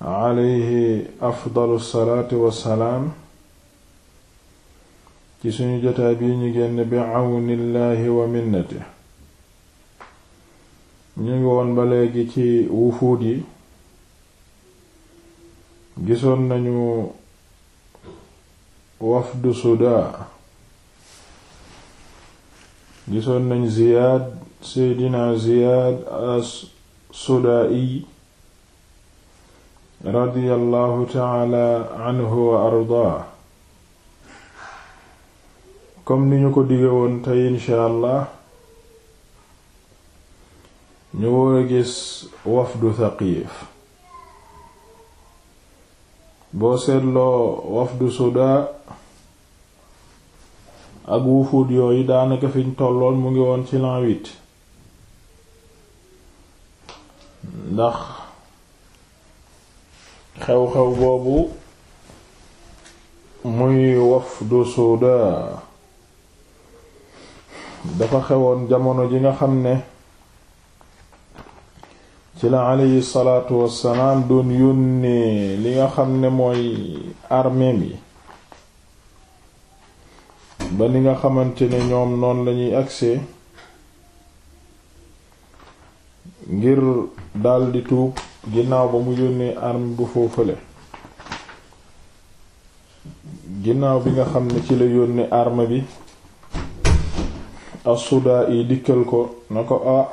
alayhi afdalu salaatu wassalaam ci suñu jotaay bi ñu génn bi àwnillaahi wa minnati ñu ngi woon ba léegi ci wufuud yi gisoon nañu wafdu sudaa gisoon nañu ziyaad seydina ziyaad as-sudaa'i radiyallahu taala anhu wa ardaa comme ni ñu ko dige woon tey insha allah ñu war a gis wafdu Thaqif boo seetloo wafdu Sudaa ak wufuud yooyu daanaka fiñ tolloon mu ngi woon ci l'an ndax xew-xew boobu muy wafdu Suudaa dafa xewoon jamono ji nga xam ne ci la aleyhi salaatu wassalaam doon yónnee li nga xam ne mooy armeem yi ba ni nga xamante ne ñoom noon lañuy agsee ngir daldi tuub ginnaaw ba mu yónnee arme bu foofale ginnaaw bi nga xam ne ci la yónnee arme bi assudaa yi dikkal ko na ko a ah,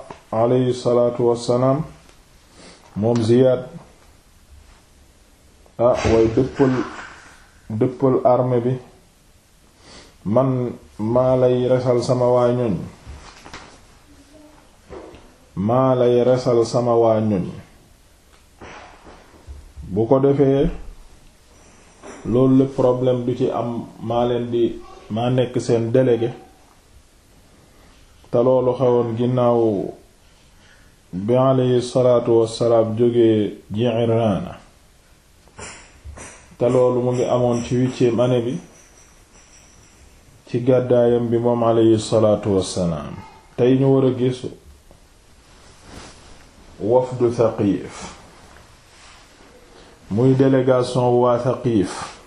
aleyhi salaatu wassalaam ah way dëppal dëppal arme bi man maa lay resal sama waa ñoñ maa lay resal sama waa ñoñ bu ko defee loolu lépp problème du ci am maa leen di maa nekk seen délégué te loolu xewoon ginnaaw bi aleyhi salaatu wassalaam jógee Ji'irraana te loolu mu ngi amoon ci huitième année bi ci gàddaayam bi moom aleyhi salaatu wassalaam tey ñu war a gis wafdu Thaqif muy délégation waa Thaqif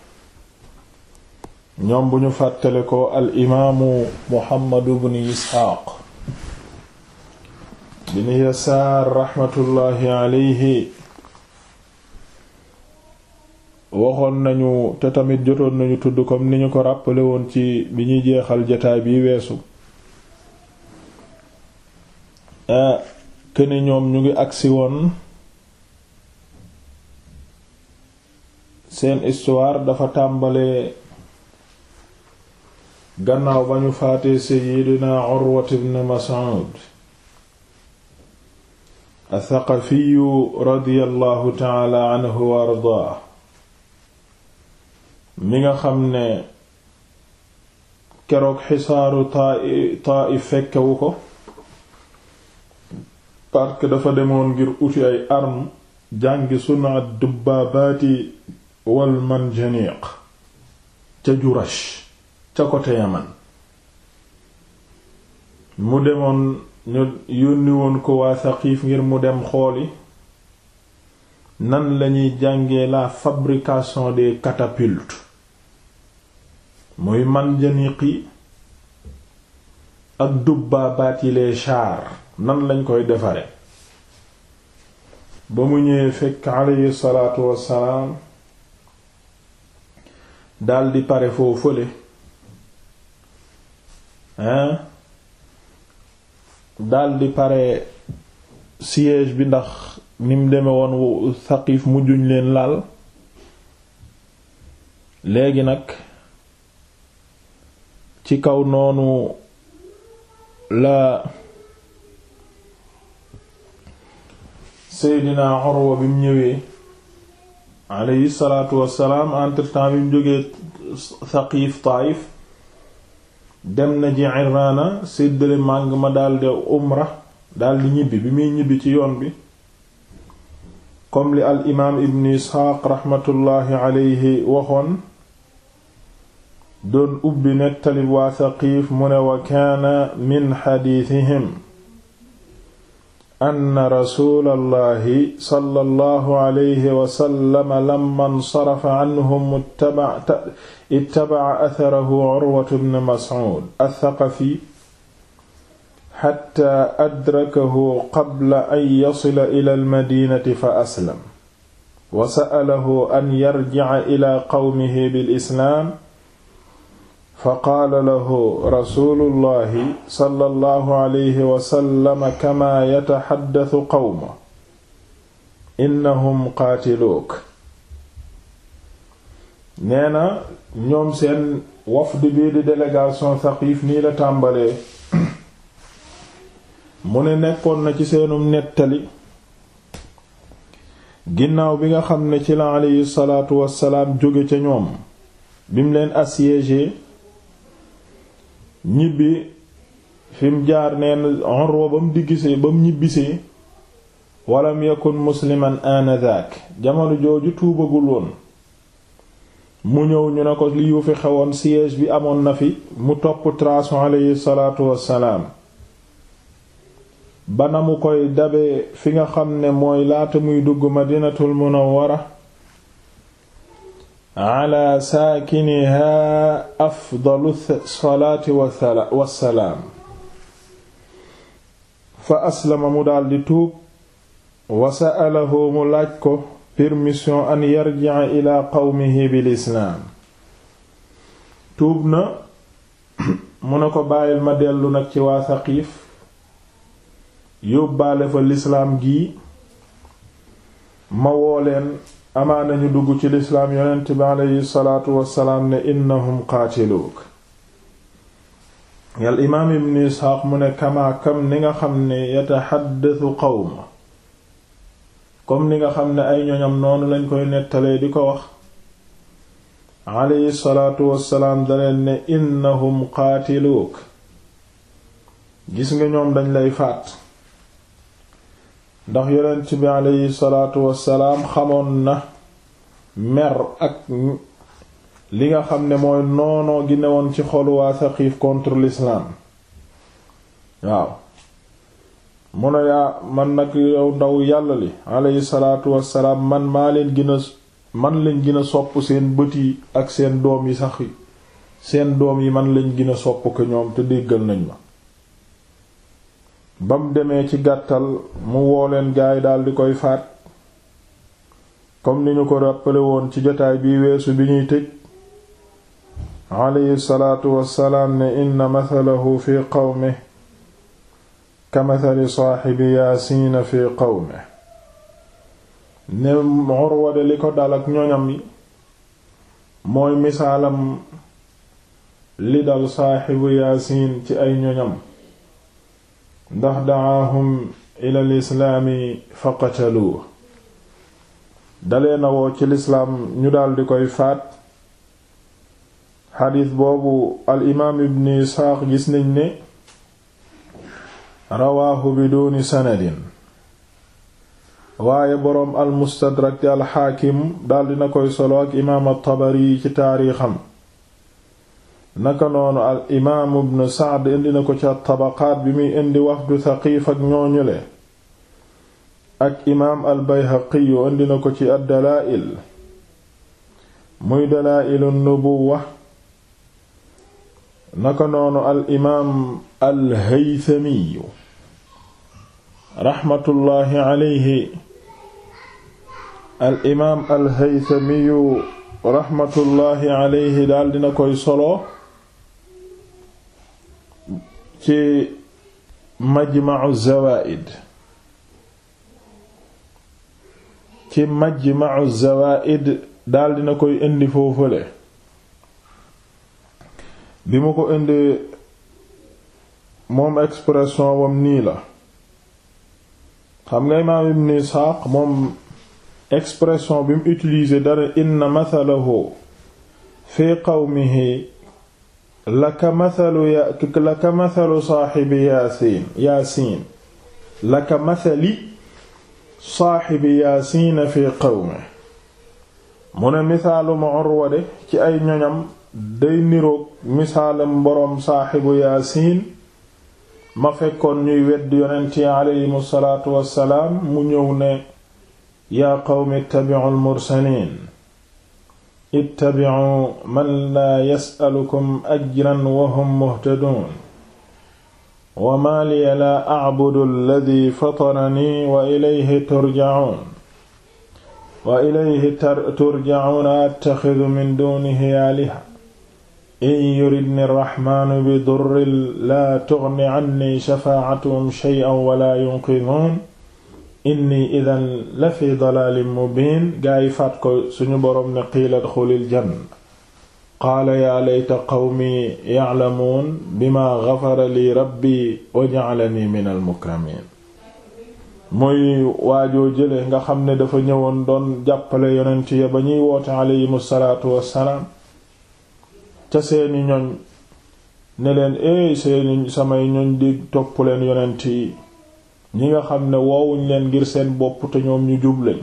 ñoom bu ñu fàttale ko al imaamu Muhammad ibn Isxaaq bin Yasaar raxmatullaahi alayhi waxoon nañu te tamit jotoon nañu tudd comme ni ñu ko rappelé woon ci bi ñuy jeexal jataay bi weesu ah, këne ñoom ñu ngi agsi woon seen histoire dafa tàmbalee gannaaw ba ñu faatee seydina Urwat ibn Mas'ud athaqafiyu radiyallahu taala anhu wa ardaa mi nga xam ne keroog xisaaru Taa'if fekkewu ko parce dafa demoon ngir uti ay arme jàngi sunaa dubbabaati wal manjaniq ca Jurash ca côté Yaman mu demoon yónniwoon ko waa Saqiif ngir mu dem xooli nan lañuy jàngee la fabrication des catapultes muy manjaniq yi ak dubbaabaat yi les nan lañ koy defare ba mu ñëwee fekk aleyhi salaatu wassalaam daldi pare foo fële hein daldi pare siège bi ndax ni mu deme woon Saqiif juñ leen laal léegi nag ci kaw noonu la Seydina Urwa bi mu ñëwee aleyhi salaatu wassalaam entre temps jóge mu jógee Saqiif Taayif dem na Ji'irraana séddale màng ma daldi umra daldi ñibbi bi muy ñibbi ci yoon bi kom li al imaam ibn Isxaaq raxmatullaahi aleyhi waxoon doon ubbi nettali waa Saqiif mu ne wa min xadiisihim anna rasuulallahi sallallahu alayhi wa sallam lamma insarafa anhum ittaba'a atharahu Urwatu bnu Mas'uud ath-Thaqafi hatta adrakahu qabla an yasila ila al-madiinati fa aslama wa sa'alahu an yarji'a ila qawmihi bil islaam faqaala lahu rasulullahi sallallahu alayhi wa sallam kamaa qawma innahum qaatiluuk nee na ñoom seen wafd bii di délégation Saqiif nii la tàmbalee mu ne nekkoon na ci seenu nettali ginnaaw bi nga xam ne ci la aleyhi salaatu wassalaam jóge ca ñoom bim leen assiégé ñibbi fi mu jaar neen Urwa bam mu diggisee ba mu ñibbisee walam yakun musliman anadak jamono jooju tuubagul woon mu ñëw ñu ne ko li fi xewoon siège bi amoon na fi mu topp trasu aleyhi salaatu wassalaam ba na mu koy dabe fi nga xam ne mooy laata muy dugg ma dinatul madinatul wara ala saakiniha afdalu salaati wassalaam fa aslama mu daldi tuub wa sa'alahu mu laaj ko permission an yarji'a ila qawmihi bil islaam tuub na mu ne ko bàyyil ma dellu nag ci waa Saqiif yóbbaale fa lislaam gii ma woo leen amaana ñu dugg ci lislaam yonent bi aleyhi salaatu wassalaam ne innahum qaatiluuk yal imaam ibn isxaaq mu ne kamaa kam ni nga xam ne yataxaddasu qawma comme ni nga xam ne ay ñoñam noonu lañ koy nettalee di ko wax aleyhi salaatu wassalaam daleen ne innahum qaatiluuk gis nga ñoom dañ lay faat ndax yonent bi aleyhi salaatu wassalaam xamoon na mer ak li nga xam ne mooy noonoo gi woon ci xolu waa Saqiif contre l'islam waaw mu man nag yow ndaw yàlla li aleyhi salaatu wassalaam man maa leen gën man lañ gën a sopp seen bët yi ak seen doom yi sax seen doom yi man lañ gina a sopp ko ñoom te déggal nañ ma ba mu demee ci gàttal mu woo leen gaay daldi koy faat comme ni ñu ko rappelé woon ci jotaay bi weesu bi ñuy tëj alayhi salaatu wassalaam ne inna mathalahu fi qawmi ka mathali saaxibi yaasiina fi qawmi ne Urwa de li ko dal ak ñoñam yi mooy misaalam li dal saaxibu yaasiin ci ay ñoñam ndax dacaahum ila lislaami fa qataluuh dalee na woo ci lislaam ñu daldi koy faat xadiis boobu al imaam ibn isxaaq gis nañ ne rawaahu biduuni sanadin waaye boroom al mustadrak di al xaakim daldi na koy solo ak imaam al tabari ci taariixam naka noonu al imaam ibn Sa'd indi na ko ci tabaqaat bi muy indi wafdu Saqiif ak ñooñule ak imaam al Bayhaqi indi na ko ci ad-Dalaa'il muy Dalaa'ilu nubuwa naka noonu al imaam al Haythami raxmatullaahi alayhi al imaam al koy solo. ci majma'u zawaid ci majma'u zawaid koy indi foofale bi mu ko indi moom expression wam nii la xam nga imaam ibn Isxaaq moom expression bi mu utilisé dara inna mathalahu fi qawmihi laka mathalu ya laka mathalu saaxibi yaasiin yaasiin laka mathali saaxibi yaasiina fi qawme mu ne misaaluma Urwa ci ay ñoñam day niroog misaalam boroom saaxibu yaasiin ma fekkoon ñuy wedd yonent yi salaatu wassalaam mu ñëw ne yaa qawmi ittabi'u al ittabi'u man laa yas'alukum ajran wa hum muhtaduun wa maa liya laa a'budu alladhii fataranii wa ilayhi turja'uun wa ilayhi turja'uun attaxidu min duunihi aaliha in yuridni arrahmaanu bidurrin laa tughni cannii shafaa'atuhum shay'an wa laa yunqidhuun inni idan la fi dalaalin mubiin gaa faat ko suñu boroom ne qiila dxulil janna qaala yaa layta qawmi ya'lamuun bimaa gafara li rabbi wa ja'alani minal mukramiin mooy waajoo jële nga xam ne dafa ñëwoon doon jàppale yonent ya ba ñuy woote aleyhimu salaatu wassalaam ca seeni ñoñ ne leen eey seeni samay ñoñ di topp leen yonent yi ñi nga xam ne woowuñ leen ngir seen bopp te ñoom ñu juble lañ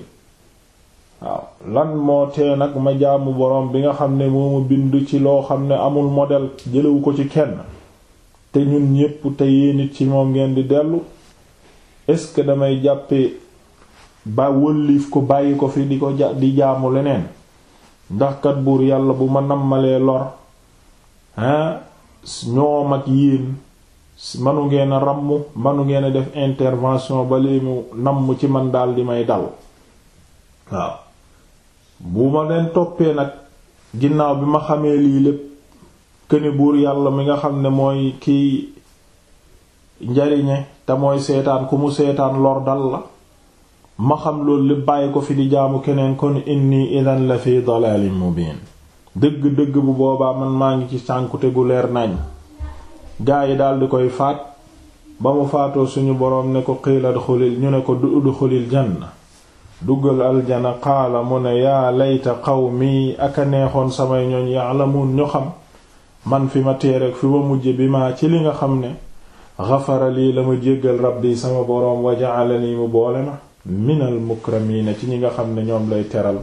waaw lan moo tee nag ma jaamu boroom bi nga xam ne moomu ma bind ci loo xam ne amul modèle jëlewu ko ci kenn te ñun ñépp te yéenit ci moom ngeen di dellu est-ce que damay jàppe ba wëlliif ko bàyyi ko fi di ko ja di jaamu leneen ndaxkat buur yàlla bu ma nammalee lor hein ñoom ak yéen manu ngeen a manu ngeen a def intervention ba li mu namm ci man daal di may dal waaw bu ma leen toppee nag ginnaaw bi ma xamee lii lépp këni buur yàlla mi nga xam ne mooy kiy njariñe te mooy seetaan ku mu seetaan lor dal la ma xam loolu lépp bàyyi ko fi di jaamu keneen kon inni idan la fi dalalin mubin dëgg-dëgg bu boobaa man maa ngi ci sànkute gu leer nañ gaa yi daldi koy faat ba mu faatoo suñu boroom ne ko qiila udxulil ñu ne ko udxulil janna duggal aljana qaala mu ne yaa layta ak a neexoon samay ñoñ ya'lamuun ñu xam man fi ma teer fi ma mujj bi ma ci li nga xam ne xafara lii la ma jéggal rabbi sama boroom wa ja'alani mu boole ma minal mukramiina ci ñi nga xam ne ñoom lay teral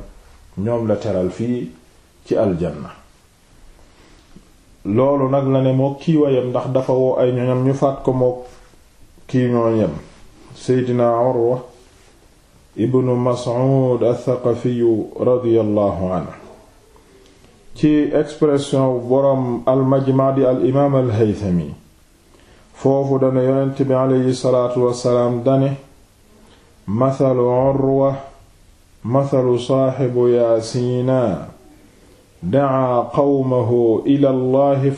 ñoom la teral fii ci aljanna loolu nag la ne moo kiiwa yem ndax dafa woo ay ñoñam ñu faat ko moo kii yem seydina Urwa ibnu Mas'ud athaqafiyu radiyallahu anhu ci expression boroom almajma di al imaam al haythami foofu dana yonent bi aleyhi salaatu wassalaam dane mathalu Urwa mathalu saaxibu yaasiina dacaa qawmahu ila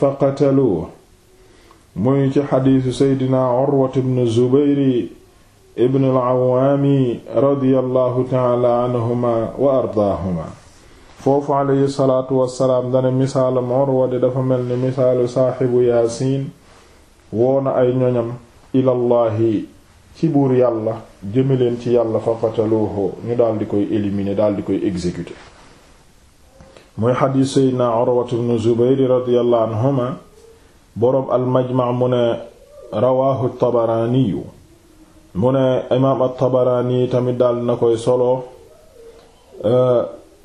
fa qataluuh muy ci xadiisu seydina curwat bnu zubayri ibn alcawaami radiyallahu taala anhuma wa ardaahuma foofu aleyhi salaatu wasalaam dana misaalam curwa de dafa mel ni misaalu saaxibu yaasiin woona ay ñoñam ilallahi ci buur yàlla jëmaleen ci yàlla fa qataluuhu ñu daldi koy éliminer daldi koy exécuter muy xadiis seydna urwatu bnu zubayri radiyallahu anhuma boroom almajmac mu ne rawaahu tabaraaniyu mu ne imaam altabaraani tamit daal na koy solo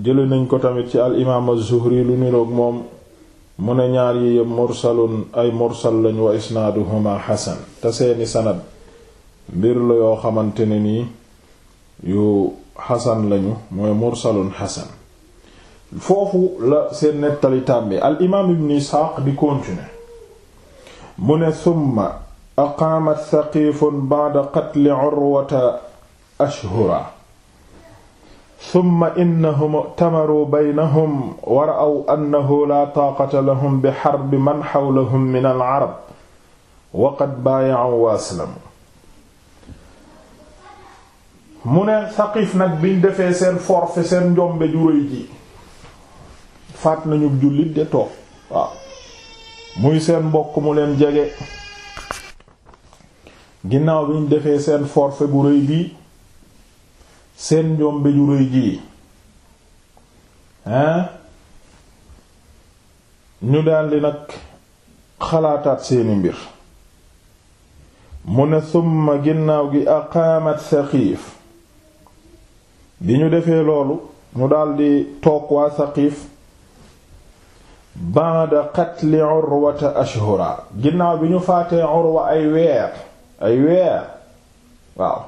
jële nañ ko tamit ci al imaam azzuhri lu niroog moom mu ne ñaar yi yëpp mursalun ay mursal lañ wa isnaaduhuma xasan te seeni sanad mbir la yoo xamante ne nii yu xasan lañu mooy mursalun xasan foofu la seen nettali tàmbi al imaam ibn isxaaq di continuer mu ne summa aqaamat saqiifun ba'da qatli urwata ashhura summa innahum i'tamaru baynahum wa ra'aw annahu laa taaqata lahum bi xarbi man xawlahum min al nag biñ defee seen forfait seen njombe ju faat nañu jullit de toog waaw muy seen mbokk mu leen jege ginnaaw bi ñu defee seen forfait bu rëy bii seen njombe ju rëy jii hein ñu daldi nag xalaataat seeni mbir mu ne summa ginnaaw gi aqaamat saqiif bi ñu defee loolu ñu daldi toog waa saqiif ba'da qatli urwata ashhura ginnaaw bi ñu faatee urwa ay weer ay weer waaw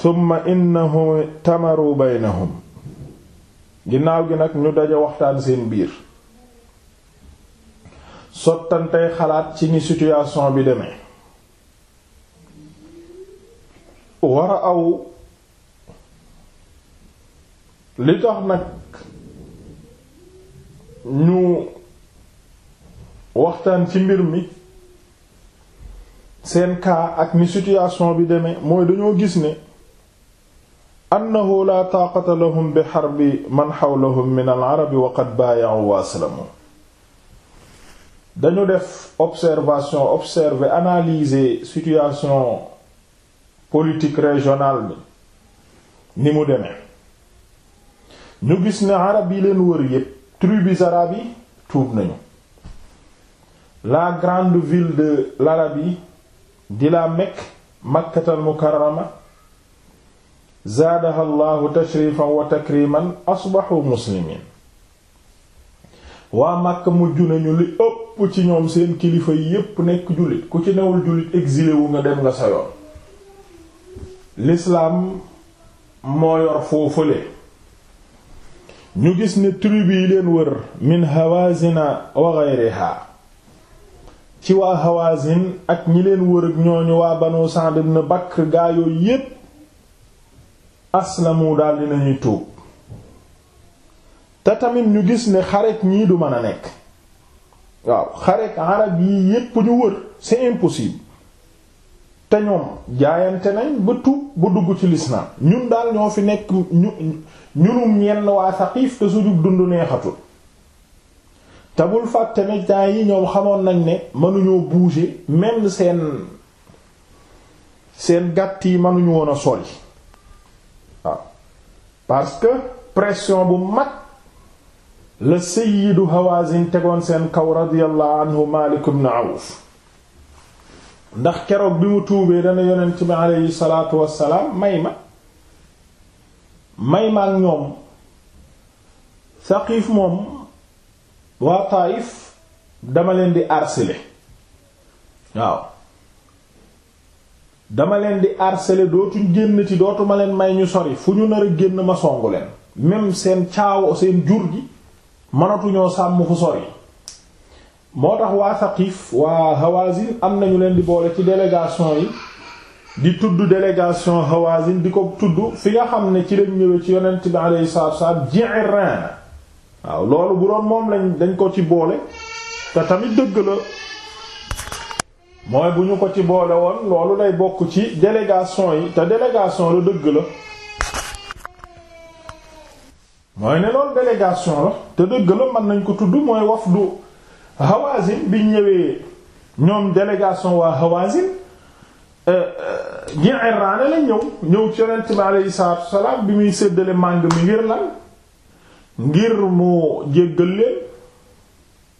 summa innahum tamaru baynahum ginnaaw gi nag ñu daje waxtaan seen biir sottantey xalaat ci ni situation bi demee wara aw li tax nag ñu waxtaan ci mbir mi seen cas ak ni situation bi demee mooy dañoo gis ne annahu la taaqata lahum bi man xawlahum min al arabi wa qad baayahu wa aslamu dañu def observation observer analyser situation politique régionale bi ni mu demee ñu gis ne arab yi leen wër yépp tribus arabes yi tuub nañu la grande ville de l'Arabie di la Mecque Makkatal Mukarrama zaadaha wa takriman asbaxu muslimin waa Makka mujj nañu li ëpp ci ñoom seen kilifa yi yépp nekk jullit ku ci newul jullit exilé wu nga dem nga sa yoon lislaam moo yor foofule ñu gis ni tribu yi leen wër min hawazina wa ghayriha ci waa hawazin ak ñi leen wër ak ñooñu waa banu Sa'd ibn Bakr gaa yooyu yépp aslamu daal dinañuy tuub te tamit ñu gis ni xarek ñii du mën a nekk waaw xarek arab yi yépp ñu wër c'est impossible te ñoom jaayante nañ ba tuub ba dugg ci lislaam ñun daal ñoo fi nekk ñu ñunum ñenn waa Saqiif te sujug dund neexatul te bul fàtte ne yi ñoom xamoon nañ ne mënuñoo bouger même seen seen gàtt yi mënuñu woon a soli waaw parce que pression bu mag la sayyidu Hawazin tegoon seen kaw radiyallahu anhu Malik ibn Awf ndax keroog bi mu tuubee dana yonent bi aleyhi salaatu wassalaam may ma may maag ñoom Saqif moom waa Taayif dama leen di harceler waaw dama leen di harceler dootuñ génn ci dootuma leen may ñu sori fu ñu nar génn ma songu leen même seen caawo seen jur gi mënatuñoo sàmm fu sori moo tax waa Saqif waa Hawazin am nañu leen di boole ci délégation yi di tudd délégation Hawazin di ko tudd fi nga xam ne ci lañ ñëwee ci yonent bi alayhi salaatu wassalaam Ji'rana waaw loolu bu doon moom lañ dañ ko ci boole te tamit dëgg la mooy bu ñu ko ci boole woon loolu day bokk ci délégation yi te délégation la dëgg la mooy ne loolu la te dëgg la mën nañ ko tudd mooy wafdu Hawazin biñ ñëwee ñoom délégation waa Hawazin euh, euh, Ji'irraana la ñëw ñëw ci Yonent bi alayhi bi muy séddale màng mi ngir lan ngir mu jéggal leen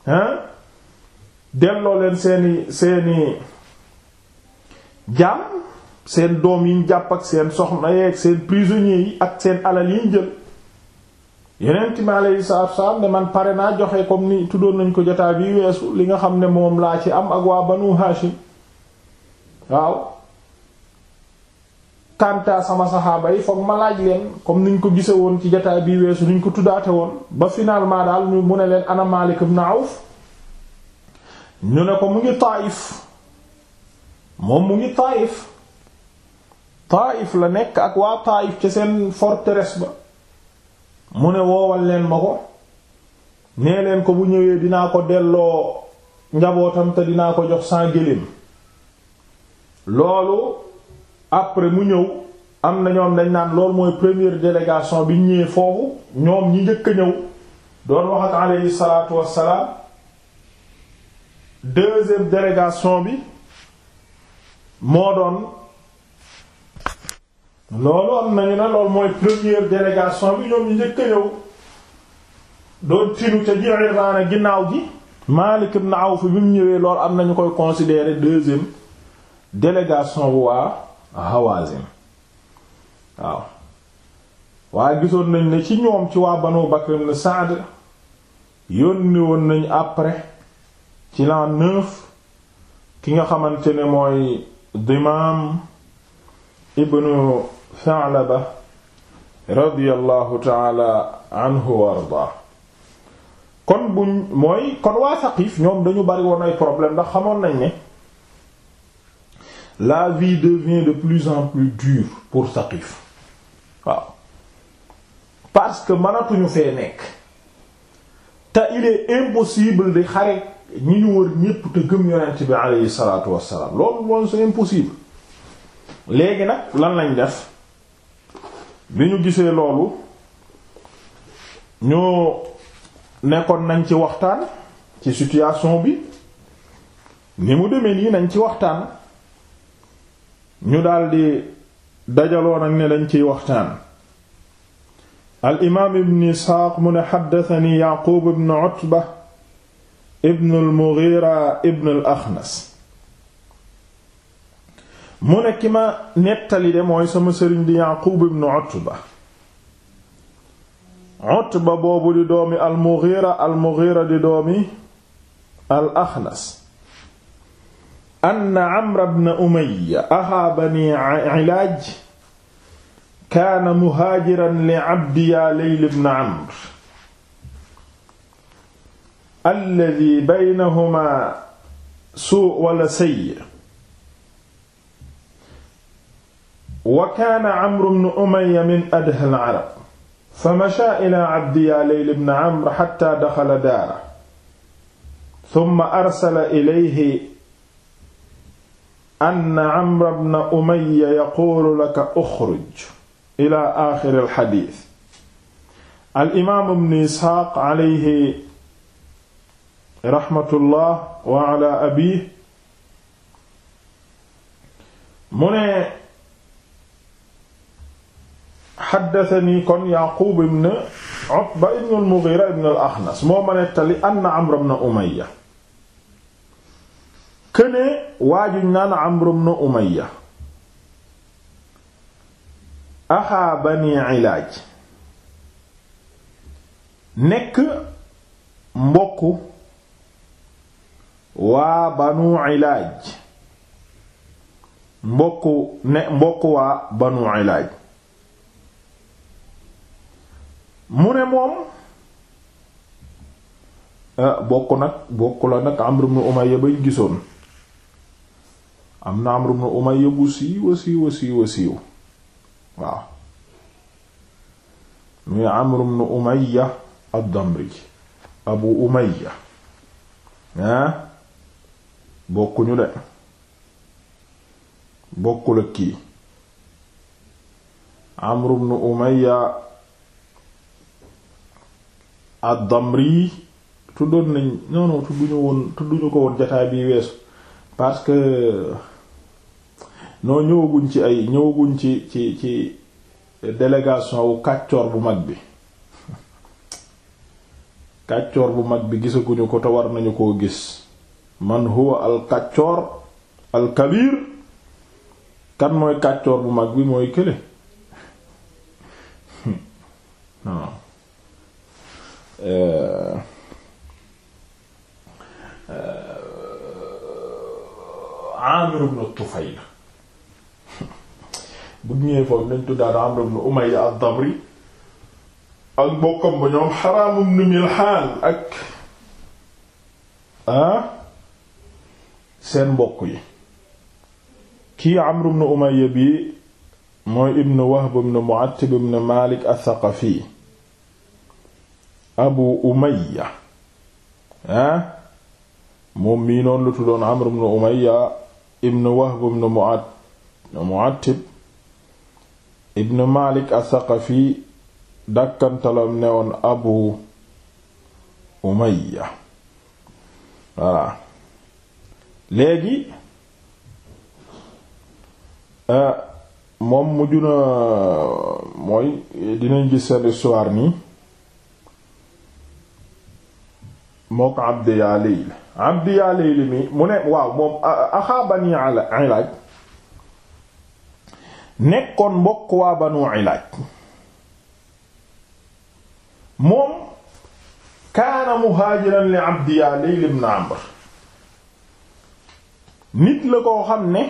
hein delloo leen seeni seeni jaam seen doom yiñ jàpp ak seen soxna yeeg seen prisonniers yi ak seen alal yiñ jël Yonent bi alayhi ne man pare naa joxe comme ni tuddoon nañ ko jotaay bi weesu li nga xam ne moom laa ci am ak waa Banu Haashim waaw kanta sama saxaaba yi foog ma laaj leen comme niñ ko gise woon ci jataay bi weesu niñ ko tuddaate woon ba finalement daal ñu mu ne leen ana Maalik ibn Awf ne ko mu ngi Taayif moom mu ngi Taayif Taayif la nekk ak waa Taayif ca seen forteresse ba mu ne woowal leen ma ko nee leen ko bu ñëwee dinaa ko delloo njabootam te dinaa ko jox sans gëléem loolu après mu ñëw am na ñoom dañ naan lool mooy première délégation bi ñëwee foofu ñoom ñi njëkk a ñëw doon wax ak aleyhi salaatu wassalaam deuxième délégation bi moo doon loolu am nañu ne lool mooy première délégation bi ñoom ñu njëkk a ñëw doon tinu ca Ji'irraana ginnaaw gi Maalik ibn Awf bi mu ñëwee loolu am nañu koy considérer deuxième délégation bu waa Hawazin waaw waaye gisoon nañ ne ci ñoom ci waa Banu Bakr ibn Sa'd yónni woon nañ après ci l'an neuf ki nga xamante ne mooy Dimaam ibnu Tha'laba radiyallahu taala ardaa kon buñ mooy kon waa Saqif ñoom dañu bari woon ay problème ndax xamoon nañ ni la vie devient de plus en plus dure pour Saqif waaw parce que mënatuñu fee nekk te il est impossible di xare ñi ñu wër ñépp te gëm yonent bi aleyhi salaatu wassalaam loolu moom c'est impossible léegi nag lan lañ def bi ñu gisee loolu ñoo nekkoon nañ ci waxtaan ci situation bi ni mu demee nii nañ ci waxtaan ñu daldi dajaloo nag ne dañ ciy waxtaan al imaam ibn isxaaq mu ne xaddatani yaqub ibn utba ibn al mughira ibn al axnas mu ne ki ma nettali de mooy sama sëriñ di yaqub ibn utba utba boobu di doomi al mughira al mughira di doomi al axnas anna amra bna umayya axaa bani ilaaj kaana muhaajiran li abdi yaa leyl bn amr alladi baynahuma suu wala sayyi wa kaana amru bnu umayya min adha al arab fa mashaa ilaa abdi yaa leyl bn amr xatta daxala daara summa arsala ilayhi anna amra bna umayya yaquulu laka uxruj ila aaxiri alxadiis al imaamu bnu isxaaq aleyhi raxmatullah wa ala abiih mu ne xaddasani kon yaquub ibn utba ibn al mughira ibn al axnas moo ma nettali anna amra bna umayya kënee waajuñ naan Amr ibn Umayya axaa bani Ilaaj nekk mbokk waa banu Ilaaj mbokku ne mbokku waa banu Ilaaj mu ne moom ah, bokk nag bokk la nag Amr ibn Umayya bay gisoon am na Amr ibn Umayya bu siiwa siiwa siiwa siiw waaw muy Amr ibn Umayya ad-Damri Abu Umayya ah bokkul kii Amr ibn Umayya ad tuddoon nañ non non tudduñu woon tudduñu ko woon jataay bi weesu parce que noo ñëwaguñ ci ay ñëwaguñ ci ci ci délégation wu kàccoor bu mag bi kàccoor bu mag bi gisaguñu ko te war nañu koo gis man huwa al kàccoor al kan mooy kàccoor bu mag bi mooy kële non euh, euh, Amir ibn bu ñëwee foofu nañ tuddaat Amr ibn Umayya ad-Damri ak mbokkam ba ñoom Haraam ibn Milhaan ak ah seen mbokk yi kii Amr ibn Umayya bi mooy ibn Wahb ibn Mu'attib ibn Maalik ath-Thaqafi Abu Umayya ah moom mii noonu la tuddoon Amr ibn Umayya ibn Wahb ibn Mu'attib ibn malik asaqafi dàkkantalam ne woon abu umayya voilà léegi euh, moom mujj na mooy dinañ gis seen histoire nii mook abdi yaa layl abdi yaa layl mi mu ne waaw moom axaa bani ilaaj nekkoon mbokk waa banu ilaaj moom kaana muhaajiran li abdiyaa Layl ibn Amr nit la koo xam ne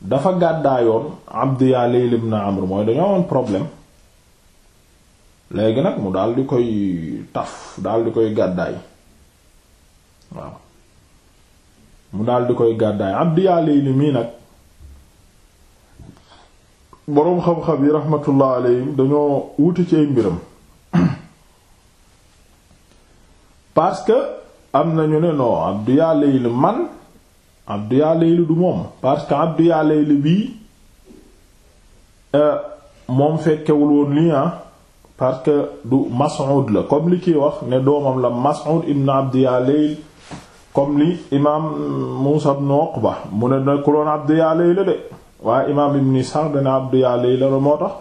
dafa gàddaayoon abdiyaa Layl ibn Amr mooy dañoo amoon problème léegi nag mu daal di koy taf dal di koy gàddaay waaw mu daal di koy gàddaay abdiyaa Layl mii nag boroom xam-xam yi raxmatullah dañoo wuti ci ay mbiram parce que am na ñu ne non Abdu Yaa Layl man Abdu Yaa Layl du moom parce que Abdu Yaa Layl bii euh, moom fekkewul woon lii ah, parce que du Mas'ud la comme li kiy wax ne doomam la Mas'ud ibn Abdu Yaa comme li imaam Muusa ibn Uqba mu ne nekkuloon Abdu Yaa Layl de waaye imaam ibn Ishaq dana Abdu Ya'la yi la moo tax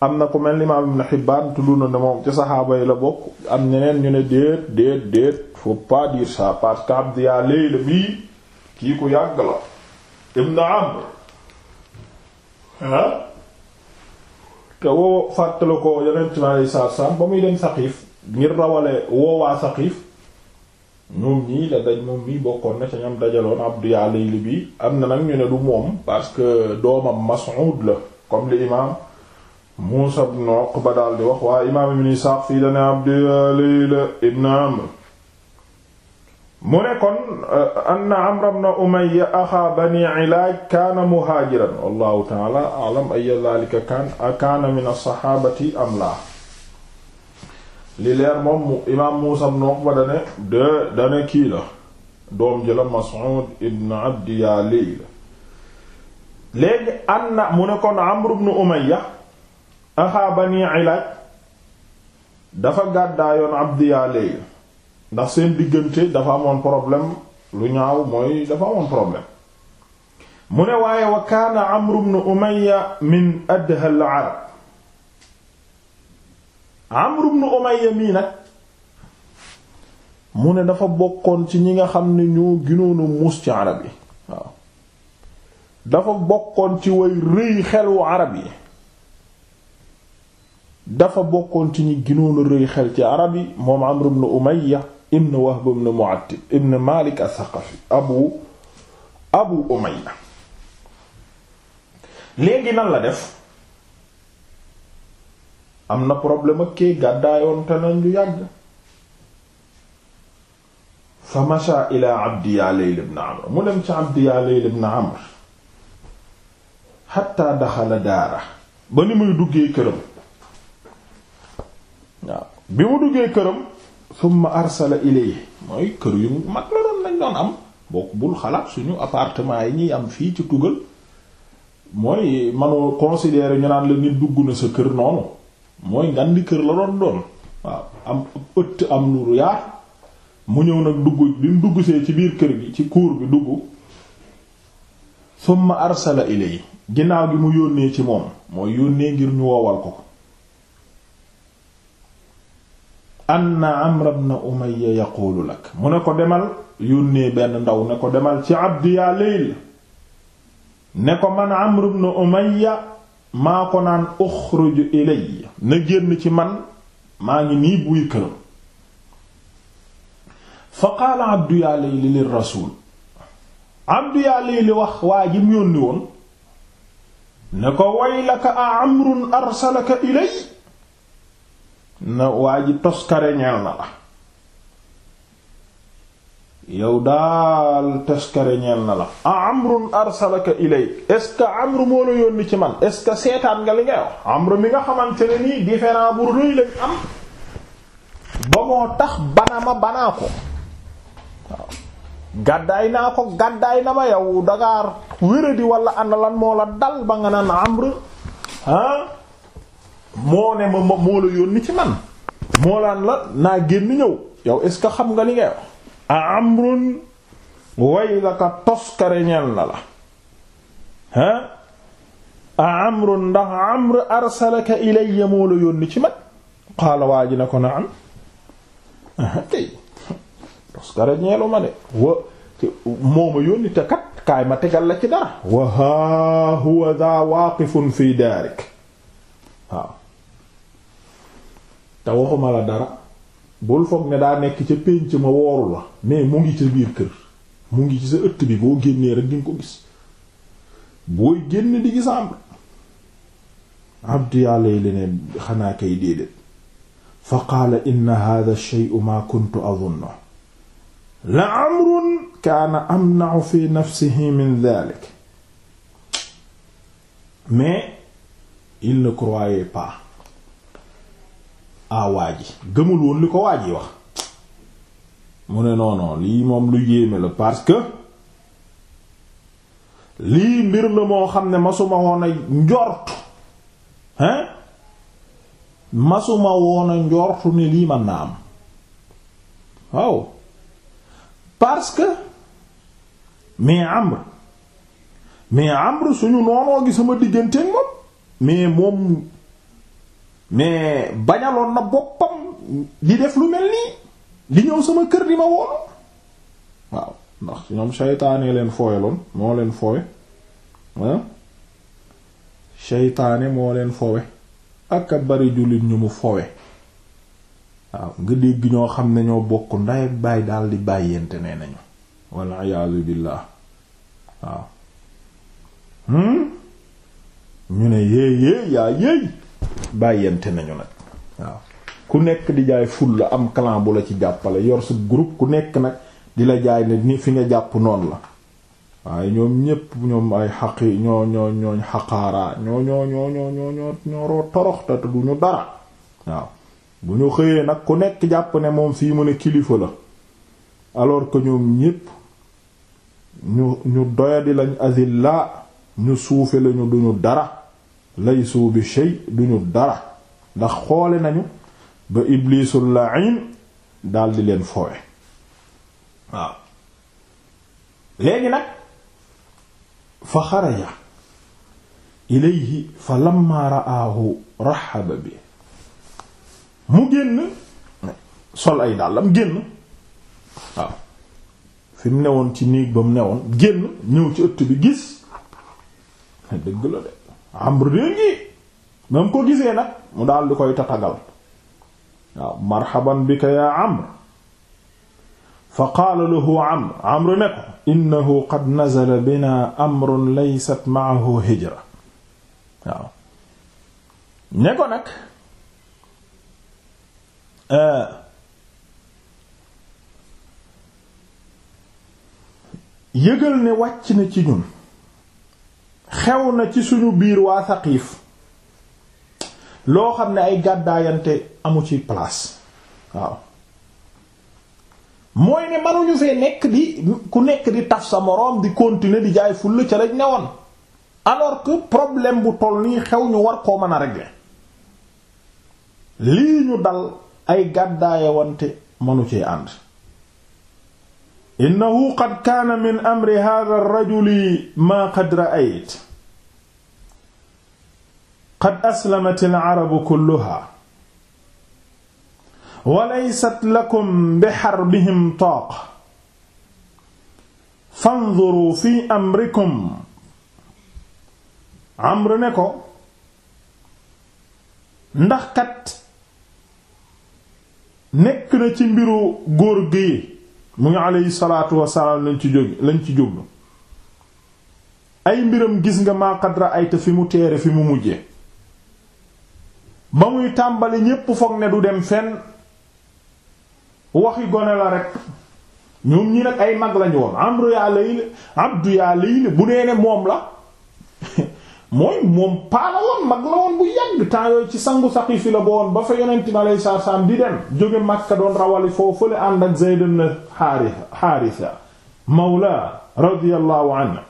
am na ku mel ni imaam ibn Hibbaan tudd na ne moom ci saxaaba yi la bokk am ñeneen ñu ne déet déet déet faut pas dire ça parce que Abdu Ya'la la bii kii ku yàgg la ibn Amr ah te woo fàttala ko yeneen ci saam ba muy dem Saqiif ngir rawale woowaa Saqiif ñoom ñii la daj moom mii bokkoon na ca ñoom dajaloon Abdu Yaa Layli bi am na nag ñu ne du moom parce que doomam Mas'ud la comme li imaam Muusa ibn Uqba daal wax waa imaam Ibn Isaaq fii dane Yaa Layli ibn Amr mu ne kon eh, anna Amr ibn Umayya axaa Bani Ilaaj kaana muhaajiran wallahu ta'ala a'lam ay dhalika kaana min as am laa li leer moom imaam Muusa ibn Uqba dane de dane kii la doom ji la Mas'ud ibn Abdi Yaali la léegi anna mu ne kon Amr ibn Umayya axaa Bani Ilaaj dafa gàddaayoon Abdi Yaali ndax seen diggante dafa amoon problème lu ñaaw mooy dafa amoon problème mu ne waaye wa kaana Amr ibn Umayya min adhal arab Amr ibn Umayya mii nag mu ne dafa bokkoon ci ñi nga xam ne ñu ginoonu muus ci arab yi waaw dafa bokkoon ci way rëy xelu arab yi dafa bokkoon ci ñi ginoonu rëy xel ci arab yi moom Amr ibn Umayya ibn Wahb ibn Mu'attib ibn Malik as-Saqafi abu abu Umayya léegi nan la def am na problème ak kii gàddaayoon te nañ lu yàgg fa masha ila abdi yaa layl ibn amr mu dem ci abdi yaa layl amr xatta daxala daara ba ni muy duggee këram waaw bi mu duggee këram thumma arsala ilayhi mooy kër yu mag la doon lañ am bokk bul xalaat suñu appartement yi ñuy am fii ci tugal mooy manoo considérer ñu naan la nit dugg na sa kër noonu mooy ngan kër la doon doon waaw am ëtt am lu yaar mu ñëw nag dugg bi mu dugg ci biir kër gi ci kuur bi dugg summa arsala ilay ginnaaw gi mu yónnee ci moom mooy yónnee ngir ñu woowal ko anna na ibn umayya yaqulu lak mu ne ko demal yónnee benn ndaw ne ko demal ci abdi yaa layl ne ko man amr ibn umayya maa ko naan uxruj ilay na génn ci man maa ngi nii buy këram fa qaala abdu yaa layli lir rasuul abdu yaa layli wax waa ji mu yónni woon ne ko waylaka a amrun arsalaka ilay na waa ji toskare ñeel na la yow daal taskare ñeel na la a amrun arsalaka ilayk est ce que amru moo la yónni ci man est ce que seetaan nga li ngay wax amru mi nga xamante ne nii différent bu rëy lañ am ba moo tax bana ma banaa ko gàddaay naa ko gàddaay na ma yow dagaar wéradi wala ana lan moo la dal ba nga naan amru ah moo ne ma moo la yónni ci man moo laan la naa génn ñëw yow est xam nga li ngay wax a amrun way la ka toskare ñeel na la ah a amrun ndax amr arsalaka ilayya moo la yónni ci man qaala waa na ko na am kay toskare ñeelu ma de moo ma yónni te kat kaay ma tegal la ci dara wa haa huwa daa waaqifun fii daarik waaw te waxuma dara bul foog ne daa nekk ca pénc ma wooru la mais mu ngi ca biir kër mu ngi ci sa ëtt bi boo génnee rek di nga ko gis booy génn di gis am abdu yàlla yi ne xanaa kay déedéet fa qaala inna hadha shay'u ma kuntu adhunnu la amrun kaana amna'u fi nafsihi min dhalik mais il ne croyait pas ah waa ji gëmul woon li ko waa ji wax mu ne non lii moom lu yéeme la parce que lii mbir la moo xam ne masuma woon a njort hein masuma woon a njortu ne lii mën na am waaw parce que mais Amr mais Amr suñu noonoo gi sama diggante moom mais moom mais bañaloon na boppam di def lu mel nii di ñëw sama kër di ma woolu waaw ndax ñoom seytaane leen fooyaloon moo leen foowe ah seytaane moo leen foowe ak a bari jullit ñu mu foowe waaw nga dégg ñoo xam ne ñoo bokk nday ak baay daal di bàyyente ne nañu walla iyaazu billaah waaw hmm? ñu ne yéey yéey yaa yéey bàyyante nañu nag waaw ku nekk di jaay fut la am clan bu la ci jàppale yor su groupe ku nekk nag di la jaay ne ni fi nga jàpp noon la waaye ñoom ñépp ñoom ay xaqi ñoo ñoo ñooñ xaqaaraa ñoo ñoo ñoo ñoo torox te du ñu dara waaw bu ñu xëyee nag ku nekk jàpp ne moom fii mu ne kilifa la alors que ñoom ñépp ñu ñu doyadi lañ azilla ñu suufe lañu duñu dara laysu bi shay duñu dara ndax xoole nañu ba iblisul la'in daldi leen foowe waaw léegi nag fa xaraja ilayhi fa lamma ra'aahu raxaba bi mu génn sol ay dàllam génn waaw fi mu newoon ci néeg ba mu newoon génn ñëw ci ëtt bi gis dëgg la de amru déngi ba mu ko gisee nag mu daal di koy tatagal waaw marhaban bika ya amr fa qaala lahu amr amr ne ko innahu qad bina amrun laysat ma'ahu hijra ne ko nag eh, yëgal ne wàcc na ci ñun xew na ci suñu biir waa Saqiif loo xam ne ay gàddaayante amu ci place waaw mooy ne mënuñu fee nekk di ku nekk di taf sa moroom di continuer di jaay fulla ca lañ newoon alors que problème bu toll nii xew ñu war koo mën a régler lii ñu dal ay gàddaayawante mënu ci ànd innahu qad kaana min amri hadha ar-rajuli ma qad ra'ayt qad aslamat al-arabu kulluha wa laysat lakum bi harbihim toog fanzuru fi amrikum amr ne ko ndax kat nekk na ci mbiru góor gi mu ngi alayhi salaatu wasalaam lañ ci jóg lañ ci jóglu ay mbiram gis nga maa qadra ayta fi mu teere fi mu mujje ba muy tàmbali ñépp foog ne du dem fenn waxi gone la rek ñoom ñi nag ay mag lañu woon amru yaa layl abdu yaa layl bu nee ne moom la mooy moom paala woon mag la woon bu yàgg temps yooyu ci sangu saqiif yi la bo woon ba fa yonent mi alayhi salaatu salaam di dem jóge Makka doon rawali foofu fële ànd ak Zayd ibn Haarisa mawla radiyallahu anhu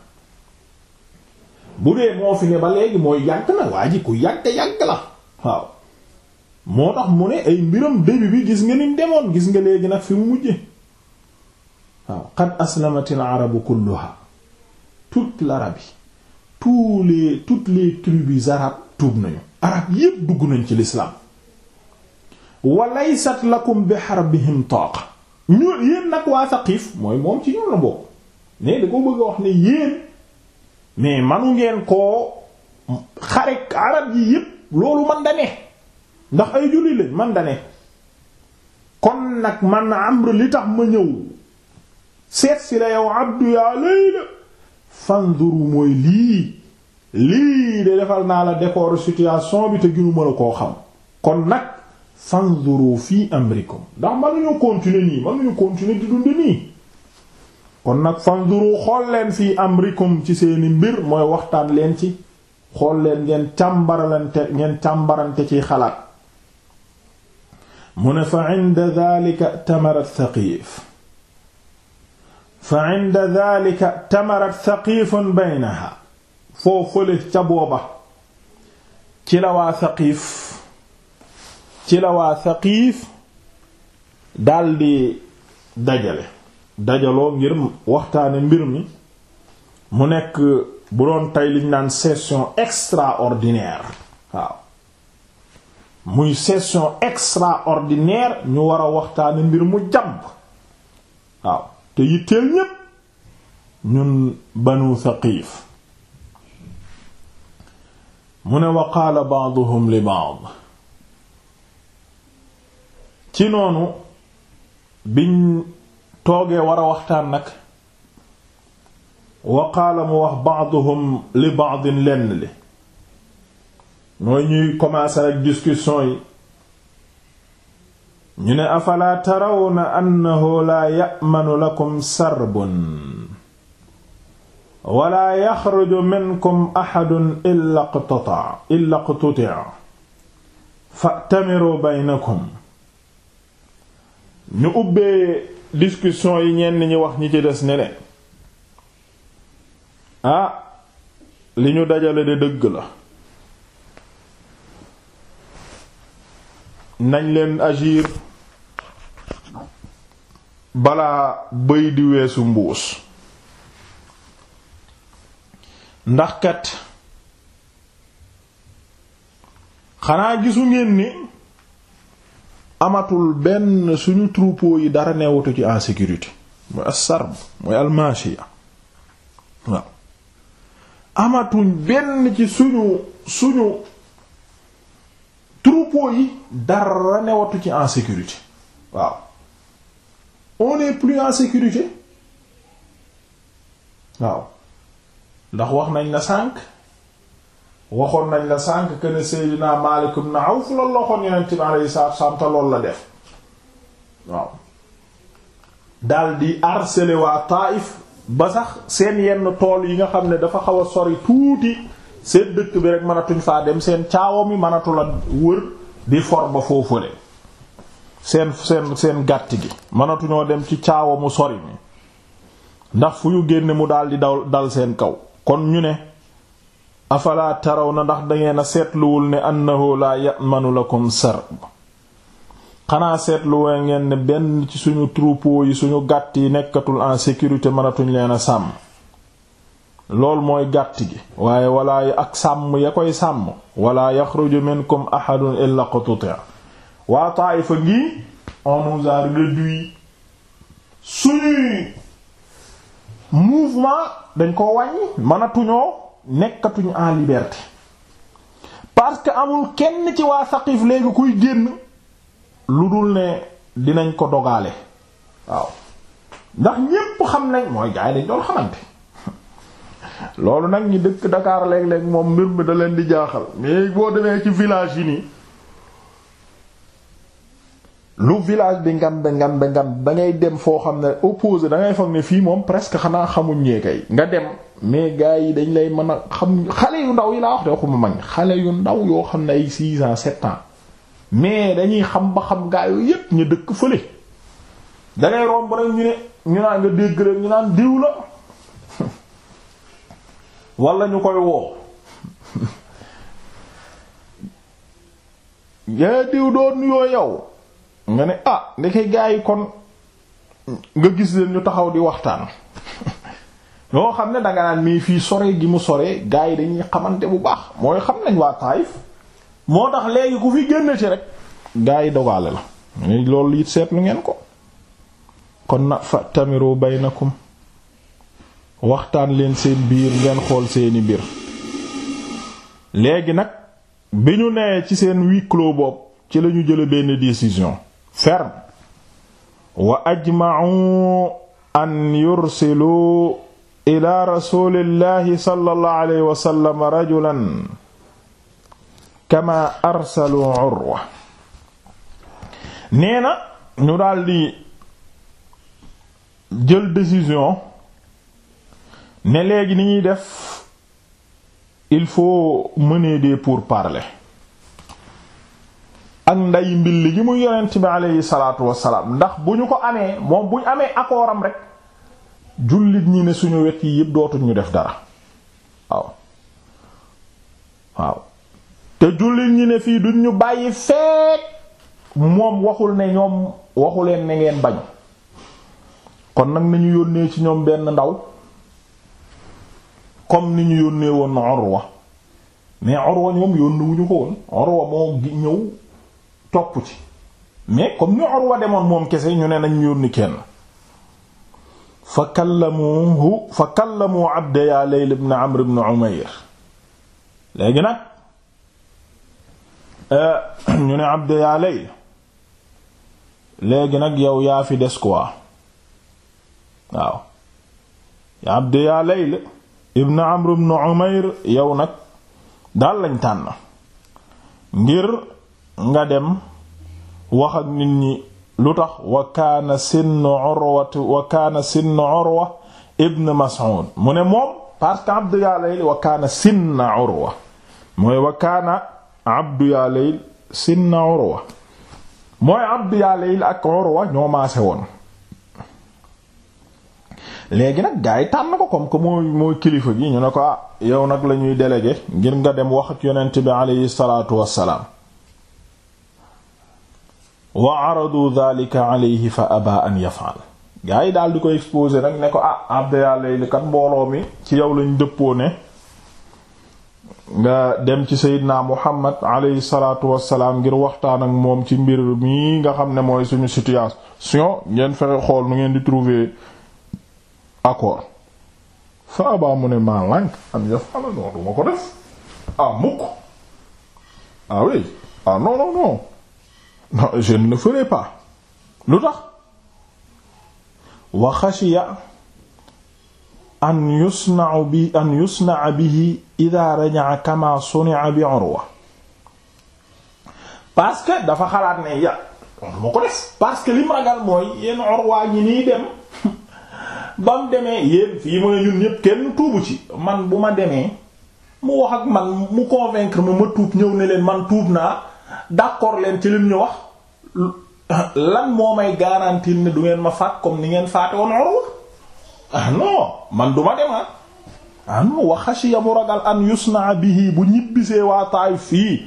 bu dee moo fi ne ba léegi mooy yàgg na waa ji yàgg yàgg la waaw moo tax mu ne ay mbiram début bi gis nga niñ demoon gis nga léegi nag fi mu mujje waaw qad aslamatil arabu kulluha toute l'Arabie tous les toutes les tribus arabes tuub nañu arab yépp dugg nañ ci l'islam wa laysat lakum bi harbihim taaqa ñu yéen nag waa Saqiif mooy moom ci ñoom la bokk ne da ko bëgg a wax ne yéen mais manu ngeen koo xare arab yi yépp loolu man da ndax ay julli lañ man da kon nag man Amr li tax ma ñëw seet si la yow abdu yaa layla fanzuru mooy lii lii de defal naa la décor situation bi te ginu mën a koo xam kon nag fanzuru fii amrikum ndax mënuñu continuer nii mënuñu continuer di dund nii kon nag fanzuru xool leen fii amrikum ci seeni mbir mooy waxtaan leen ci xool leen ngeen càmbaralante ngeen càmbarante ci xalaat mu ne fa inda dhalika tamarat thaqif foo fële ca booba ci la waa daldi dajale dajaloo ngir waxtaane mbir mi mu nekk bu doon tey liñ naan session extraordinaire waaw muy session extraordinaire ñu war a waxtaane mbir mu jàmb waaw te yitteel ñépp ñun banu Saqiif mu ne wa qaala ba'duhum li ba'd ci noonu biñ toogee war a waxtaan nag wa qaala mu wax ba'duhum li ba'din lenn li ñuy commencer ak discussion yi ñu ne afalaa tarawna annahu laa ya'manu lakum sarbun wala yaxruju minkum axadun illa qtata illa qtutia ñu ubbee discussion yi ñenn ñi wax ñi ci des ne ne ah li ñu dajale de dëgg la nañ leen agir balaa bëy di weesu mbuus ndax kat xanaa gisu ngeen ni amatul benn suñu troupeau yi dara neewatu ci en sécurité mooy as-sarb mooy al-mashiya amatuñ benn ci suñu suñu troupeau yi dara newatu ci en sécurité waaw on est plus en sécurité waaw ndax wax nañ la sànq waxoon nañ la sànq que ne Seydina naa ibn Awf la loxoon Yonent bi alayhi salaatu wa salaam te la def waaw dal di harceler waa Taïf ba sax seen yenn tool yi nga xam ne dafa xaw a sori tuuti seen dëkk bi rek mënatuñ faa dem seen caawa mi mënatul a wër di for ba foofule seen seen seen gàtt gi mënatuñoo dem ci caawa mu sori mi ndax fu ñu génne mu daal di dal seen kaw kon ñu ne afala taraw na ndax dangeen seetluwul ne annahu la ya'manu lakum sarb xanaa seetlu wee ngeen ne benn ci suñu troupeau yi suñu gàtt yi nekkatul en sécurité mënatuñ leen a sàmm lool mooy gàtt gi waaye walaa ak sàmm ya koy sàmm wala yaxruju minkum ahadun illa qututi'a waa Taayif ngi on nous suñuy mouvement dañ ko wàññi mënatuñoo nekkatuñu en liberté parce que amul kenn ci waa Saqif léegi kuy génn lu dul ne dinañ ko dogaale waaw ndax ñépp xam ne mooy gaay dañ doon xamante loolu nag ñi dëkk Dakar léeg-léeg moom mbir mi da leen di jaaxal mais boo demee ci village yi nii lu village bi ngan be ngan be ngan da ngay dem foo xam ne opposé da ngay foog ne fii moom presque xanaa xamuñ ñee kay nga dem mais gars yi dañ lay mën a xam xale yu ndaw yi laa wax de waxuma mag xale yu ndaw yoo xam ne ay six ans sept mais dañuy xam ba xam gaa yépp ñu dëkk fële dangay romb rek ñu ne ñu naan nga dégg rek ñu naan diw la wala ñu koy woo eh, diw doon nuyoo yow nga ne ah ndeke gaa yi kon nga gis leen ñu taxaw di waxtaan yoo xam ne danga naan mii fii sore gi mu sore gaa yi dañuy xamante bu baax mooy xam nañ waa Taayif moo tax léegi ku fi génn ci rek gaa yi dogaale la mu loolu it seetlu ngeen ko kon na fa tamiru baynakum waxtaan leen seen biir ngeen xool seeni biir léegi nag bi ñu nee ci seen huis clos ci lañu jële benn décision ferme wa ajma'u an yursilu ila rasulillahi sallallahu alayhi wa sallam rajulan kama arsalu urwa nee na ñu daldi jël décision ne léegi ni ñuy def il faut mener des pourparlers ak nday mbill gi muy yonent bi aleyhi wassalaam ndax bu ñu ko amee moom bu ñu amee akooram rek jullit ñi ne suñu wet yi yépp dootuñ ñu def dara waaw waaw te jullit ñi ne fii duñ ñu bàyyi feek moom waxul ne ñoom waxuleen ne ngeen bañ kon nag nañu yónnee ci ñoom benn ndaw comme ni ñu yónnee woon Urwa mais Urwa ñoom yónnuwuñu ko woon Urwa moo ñëw topp ci mais comme ni Urwa demoon moom kese ñu ne nañ yónni kenn fa kallamuhu fa kallamu Abda ya Layl ibn Amr ibn Umayr léegi nag Euh, ñu ne abd yaa lay léegi nag yow yaa fi des ko waaw abd yaa layl ibn amr ibn umayr yow nag daal lañ tànn ngir nga dem wax ak ñi lu tax wa kaana sinnu urwatu wa kaana sinnu urwa ibn mas'ud mu ne moom parce que abd yaa layl wa kaana sinna urwa mooy wa kaana abdu yaa layl sinna urwa mooy abdu yaa layl ak urwa ñoo maase woon léegi nag gars yi tànn ko comme que mooy kilifa gi ñu ne ko ah yow nag la ñuy délégué ngir nga dem wax ak yonent bi aleyhi salaatu wassalaam wa aradu dhalika aleyhi fa aba an yaf'al gars yi daal di ko exposé nag ne ko ah abdu yaa layl mbooloo mi ci yow lañ dëppoo ne nga dem ci seydina muhammad alayhi salaatu wassalaam ngir waxtaan ak moom ci mbir mi nga xam ne mooy suñu situation ngeen fexe xool nu ngeen di trouver accord fa mu ne maa am yaf ala non duma ko def ah mukk ah oui ah non non non non pas lu tax wa xashiya an yusna'u bi an yusna'a bihi idha raja'a kama suni'a bi Urwa parce que dafa xalaat ne ya moo parce que lim ragal mooy yéen Urwa ñi nii dem ba demee yéen fii mu ne ñun ñépp kenn tuubu ci man bu ma demee mu wax ak man mu convaincre ma ma tuub ñëw ne leen man tuub naa d'accord leen ci lim ñu wax lan moo may garantir ne du ngeen ma faat comme ni ngeen faate woon ah man du ma dem ah, ah non mu ragal an yusna bihi bu ñibbisee waa fii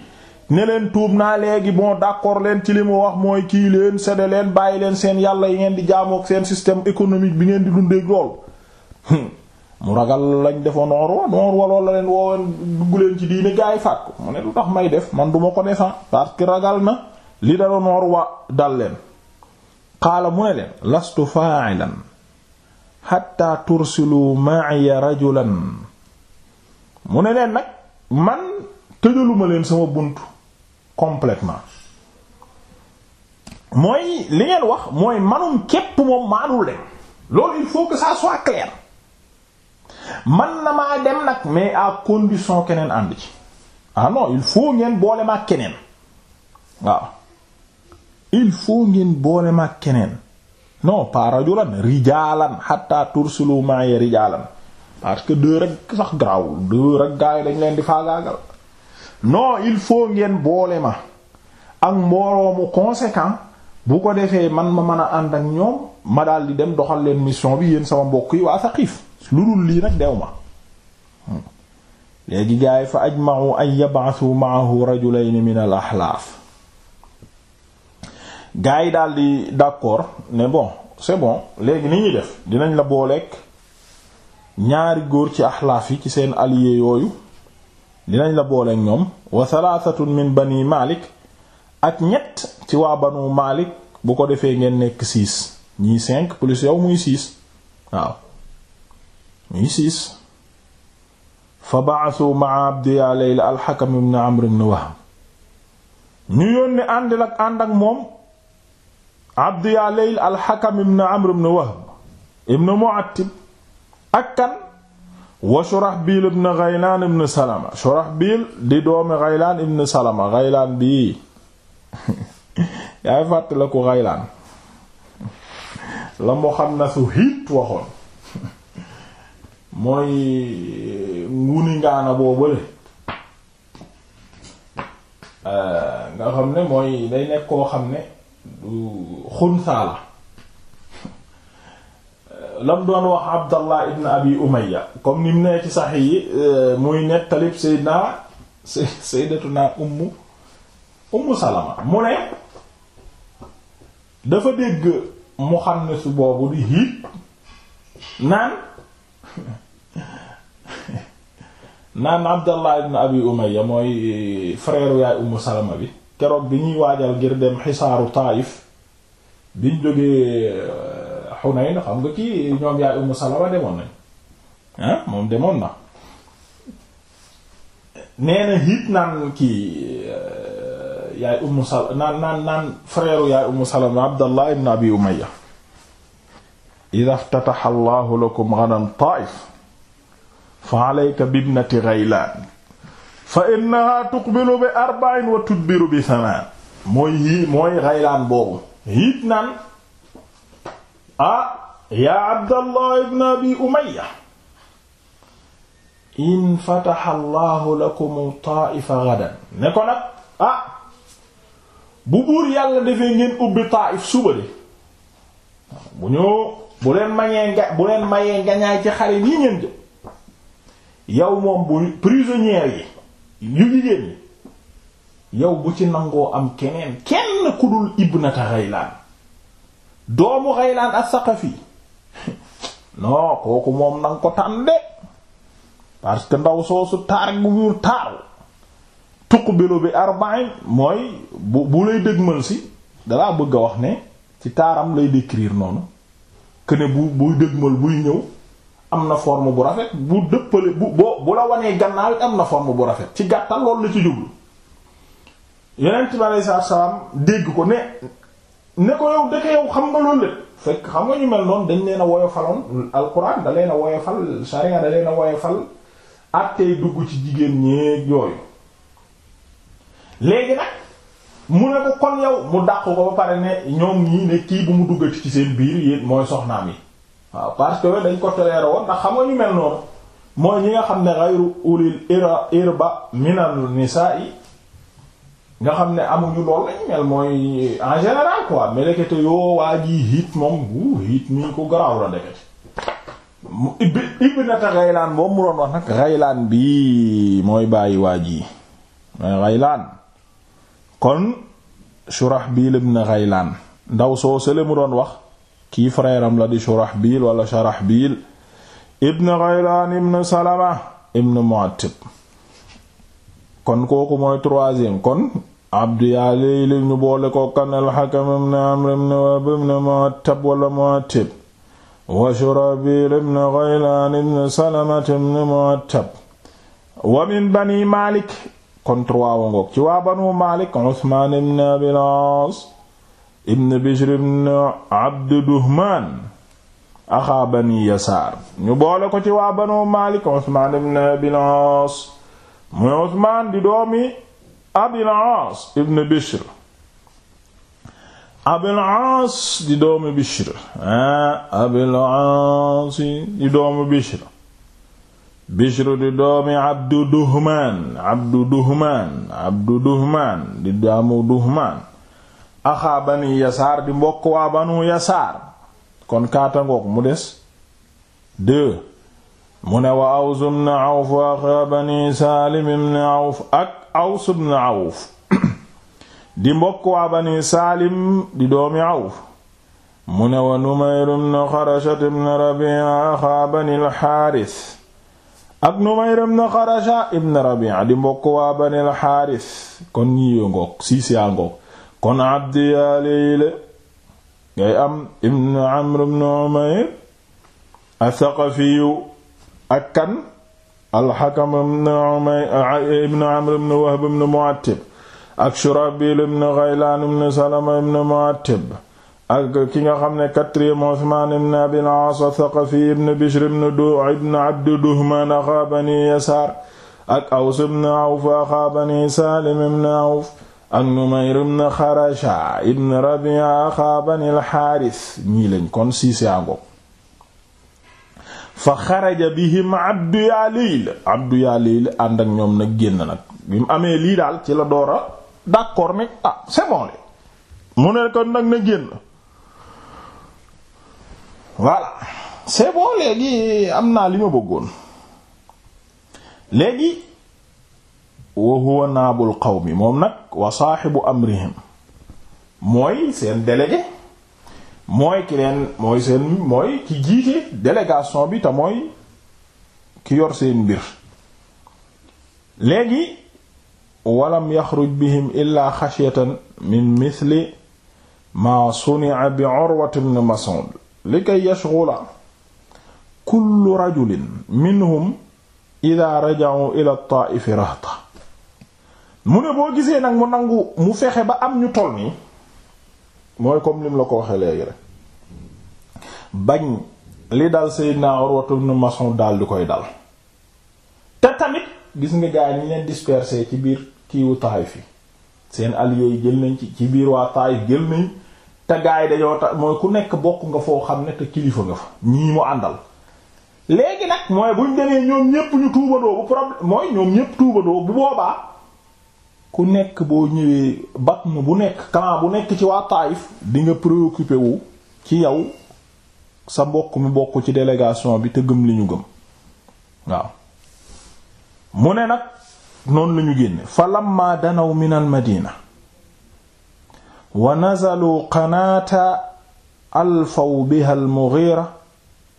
ne leen tuub naa léegi bon d'accord leen ci li mu wax mooy kii leen sede leen bàyyi leen seen yàlla yi ngeen di jaamook seen système économique bi ngeen di dundeeg lool hmm. mu ragal lañ defa noor wa noor wa lool la leen dugg leen ci diine gaa yi faat mu ne lu tax may def man du ma ko defan ah, parce que ragal na li dara noor wa dal leen xaala mu leen lastu fa'ilan xatta tursilu ma'iya rajulan mu ne leen nag man tëjaluma leen sama bunt complètement mooy li ngeen wax mooy manum képp moom maanul dem loolu il faut que ça soit clair man na maa dem nag mais à condition keneen ànd ci ah il faut ngeen boole ma keneen waaw il faut ngeen boole ma keneen non pas rajulan rijaalan hatta tursilu ma'i rijaalan parce que deux rek sax garaawul deux rek gaa dañ leen di faagaagal non il faut ngeen boole ma ak mbooloomu conséquent bu ko defee man ma mën a ànd ak ñoom ma daal di dem doxal leen mission bi yéen sama mbokk yi waa Saqiif lu dul lii nag deew ma hmm. léegi gaa fa ajma'u an yab'athu ma'ahu rajulayni min al gars yi daal di d'accord ne bon c'est bon léegi ni ñuy def dinañ la booleek ñaari góor ci axlaaf yi ci seen allié yooyu dinañ la booleek ñoom wa thalathatun min bani malik ak ñett ci waa banu malik bu ko defee ngeen nekk six ñii cinq plus yow muy six waaw muy six fa ba'athu ma'a abdi ya layla al-hakam ibn amr ñu yónni ànd ak ànd ak moom abdu yaa leyl alxakam ibn amr ibn wahb ibn mu'attib ak kan wa shurahbil ibn ghaylaan ibn salama shurahbil di doomi ghaylaan ibn salama ghaylaan bii yaay fàtt la ko ghaylaan la mu xam na su hiit waxoon mooy nguni ngaana boobale nga xam ne mooy day nekk xam ne xunsaa la lam doon wax abdallah ibn abi umayya comme ni mu nee ci sax yi euh, muy nettalib sayyidina sayyidatuna ummu ummu salama mu ne dafa dégg muxannis boobu di hiit naan naan abdallah ibn abi umayya mooy frère yaay ummu salama bi keroog bi ñuy waajal ngir dem xisaaru Taayif biñ jógee Xunayn euh, xam nga kii ñoom yaay Umm Salama demoon nañ ah moom demoon na nee kii euh, yaay Umm Salama naan naan naan frère yaay Umm Salama Abdallah ibn Abi Umayya ida ftataxa Allahu lakum ghadan Taayif fa alayka bibnati Ghaylaan fa innaha tuqbilu bi arba'in wa tudbiru bi mooy yii boobu hiit naan ah yaa abdallah ibn abi umayya in fataha allahu lakum taa'ifa gadan ne ko nag ah bu buur yàlla defee ngeen ubbi taaif suba de bu ñëw bu leen mayee nga bu leen mayee ngañaay ci xare yi ngeen jëm yow moom bu prisonnier yi ñu jigéen ñi yow bu ci nangoo am keneen kenn ku dul ibnata Ghaylaan doomu Ghaylaan as-Saqafi non kooku moom nanga ko tànn de parce que ndaw soosu taar bu mu taaru tuqbilu bi arba'in mooy bu bu lay dëgmal si dalaa bëgg a wax ne ci taaram lay décrire noonu que bu buy dëgmal buy ñëw am na forme bu rafet bu dëppale bu bu la wanee gannaaw it am na forme bu rafet ci gàttal loolu la ci jublu yonent bi aleyhi salaam dégg ko ne ne ko yow dëkk yow xam nga loolu lépp fekk xam nga ñu mel noonu dañ leen a woyofaloon alxuraan da leen a fal sharia da leen a fal àttee dugg ci jigéen ñeeg yooyu léegi nag mu ne ko kon yow mu dàq ko ba pare ne ñoom ñii ne kii bu mu duggati ci seen biir yéen mooy soxnaam yi waaw parce que dañ ko toléré woon ndax xam nga ñu mel noonu mooy ñi nga xam ne ghayru ulil irba minan nisa'i nga xam ne amuñu lool lañ mel mooy en général quoi melekete yoo waa ji hit moom bu hit nii mu doon wax nag Ghaylaan bi mooy bàyyi waa ji mooy Ghaylaan kon Shurahbil ibn Ghaylaan ndaw soo sële mu doon wax kii frère am la di Shurahbil wala Sharahbil ibn Ghaylan ibn Salama ibn Mu'attib kon kooku mooy troisième kon Abdu yaa léegi ñu boole ko kan al-Hakam ibn Amr ibn Wahb ibn Mu'attab wala Mu'attib wa Shurahbil ibn Ghaylan ibn Salama ibn Mu'attab wa min Bani Malik kon trois wa ngoog ci waa Banu Malik Usman ibn Abil As ibn bishr ibn abd duhman axaa bani yasaar ñu boole ko ci waa banu malik usmaan ibn abil aas muy usmaan di doomi abil aas ibn bishr abil aas di doomi bishr ah, bishr di doomi Abdu Duhmaan Abdu Duhmaan Abdu Duhmaan di daamu Duhmaan axaa bani yasaar di mbokk waa banu yasaar kon kaatangook mu des mu ne wa aws ibn axaa bani saalim ibn awf ak aws ibn di mbokk waa bani saalim di doomi awf mu ne wa numayr xarashat ibn rabi'a axaa bani alxaaris ak Numayr ibn Xarasha ibn Rabi'a di mbokk kon ñii yoo ngoog siisi kon abdi yaa layle ngay am ibn amr ibn umayr athaqafiyu ak kan alxakam ibn umayr ibn amr ibn wahb ibn mu'attib ak shurabil ibn ghaylan ibn salama ibn mu'attib ak ki nga xam ne quatrième Usmaan ibn Abil Aas Thaqafi ibn Bishr ibn du ibn Abd Duhman axaa bani Yasaar ak Aws ibn Awf axaa bani Saalim ibn Awf ak Numayr ibn Xarasha ibn Rabi'a axaa Bani ñii lañ kon siise àngook fa xaraja bihim Abdu Abdu yaa Layl ñoom nag génn nag amee lii ci la door a d'accord ah, nag na génn am naa li ma bëggoon léegi wa huwa naabul qawmi moom nag wa saaxibu amrihim mooy seen délégué mooy ki leen mooy seen mooy ki jiite délégation bi te mooy ki yor seen mbir léegi walam yaxruj bihim illaa xashyatan min mithli maa suni'a bi Urwa ibn Mas'ud likay yashghula kullu rajulin minhum idha raja'u ila at-Taa'if rahta mu ne boo gisee nag mu nangu mu fexe ba am ñu toll nii mooy comme lim la ko waxee léegi rek bañ li dal Seydina Urwatu ibn Mas'ud daal di koy dal te tamit gis nga gaa yi ñu leen dispersé ci biir kiiwu Taayif yi seen alliés yi jël nañ ci ci biir waa Taayif jël nañ te gaa yi dañoo ta mooy ku nekk bokk nga foo xam ne te kilifa nga fa ñii mu àndal léegi nag mooy buñ demee ñoom ñépp ñu tuubandoo bu problème mooy ñoom ñépp tuubandoo bu boobaa ku nekk boo ñëwee batn bu nekk clan bu nekk ci waa Taayif di nga wu ci yow sa mbokk mi bokk ci délégation bi te gëm li ñu gëm waaw mu ne nag noonu lañu ñu génne fa lamma danaw min al madina wa nazalu qanaata alfaw biha al mughira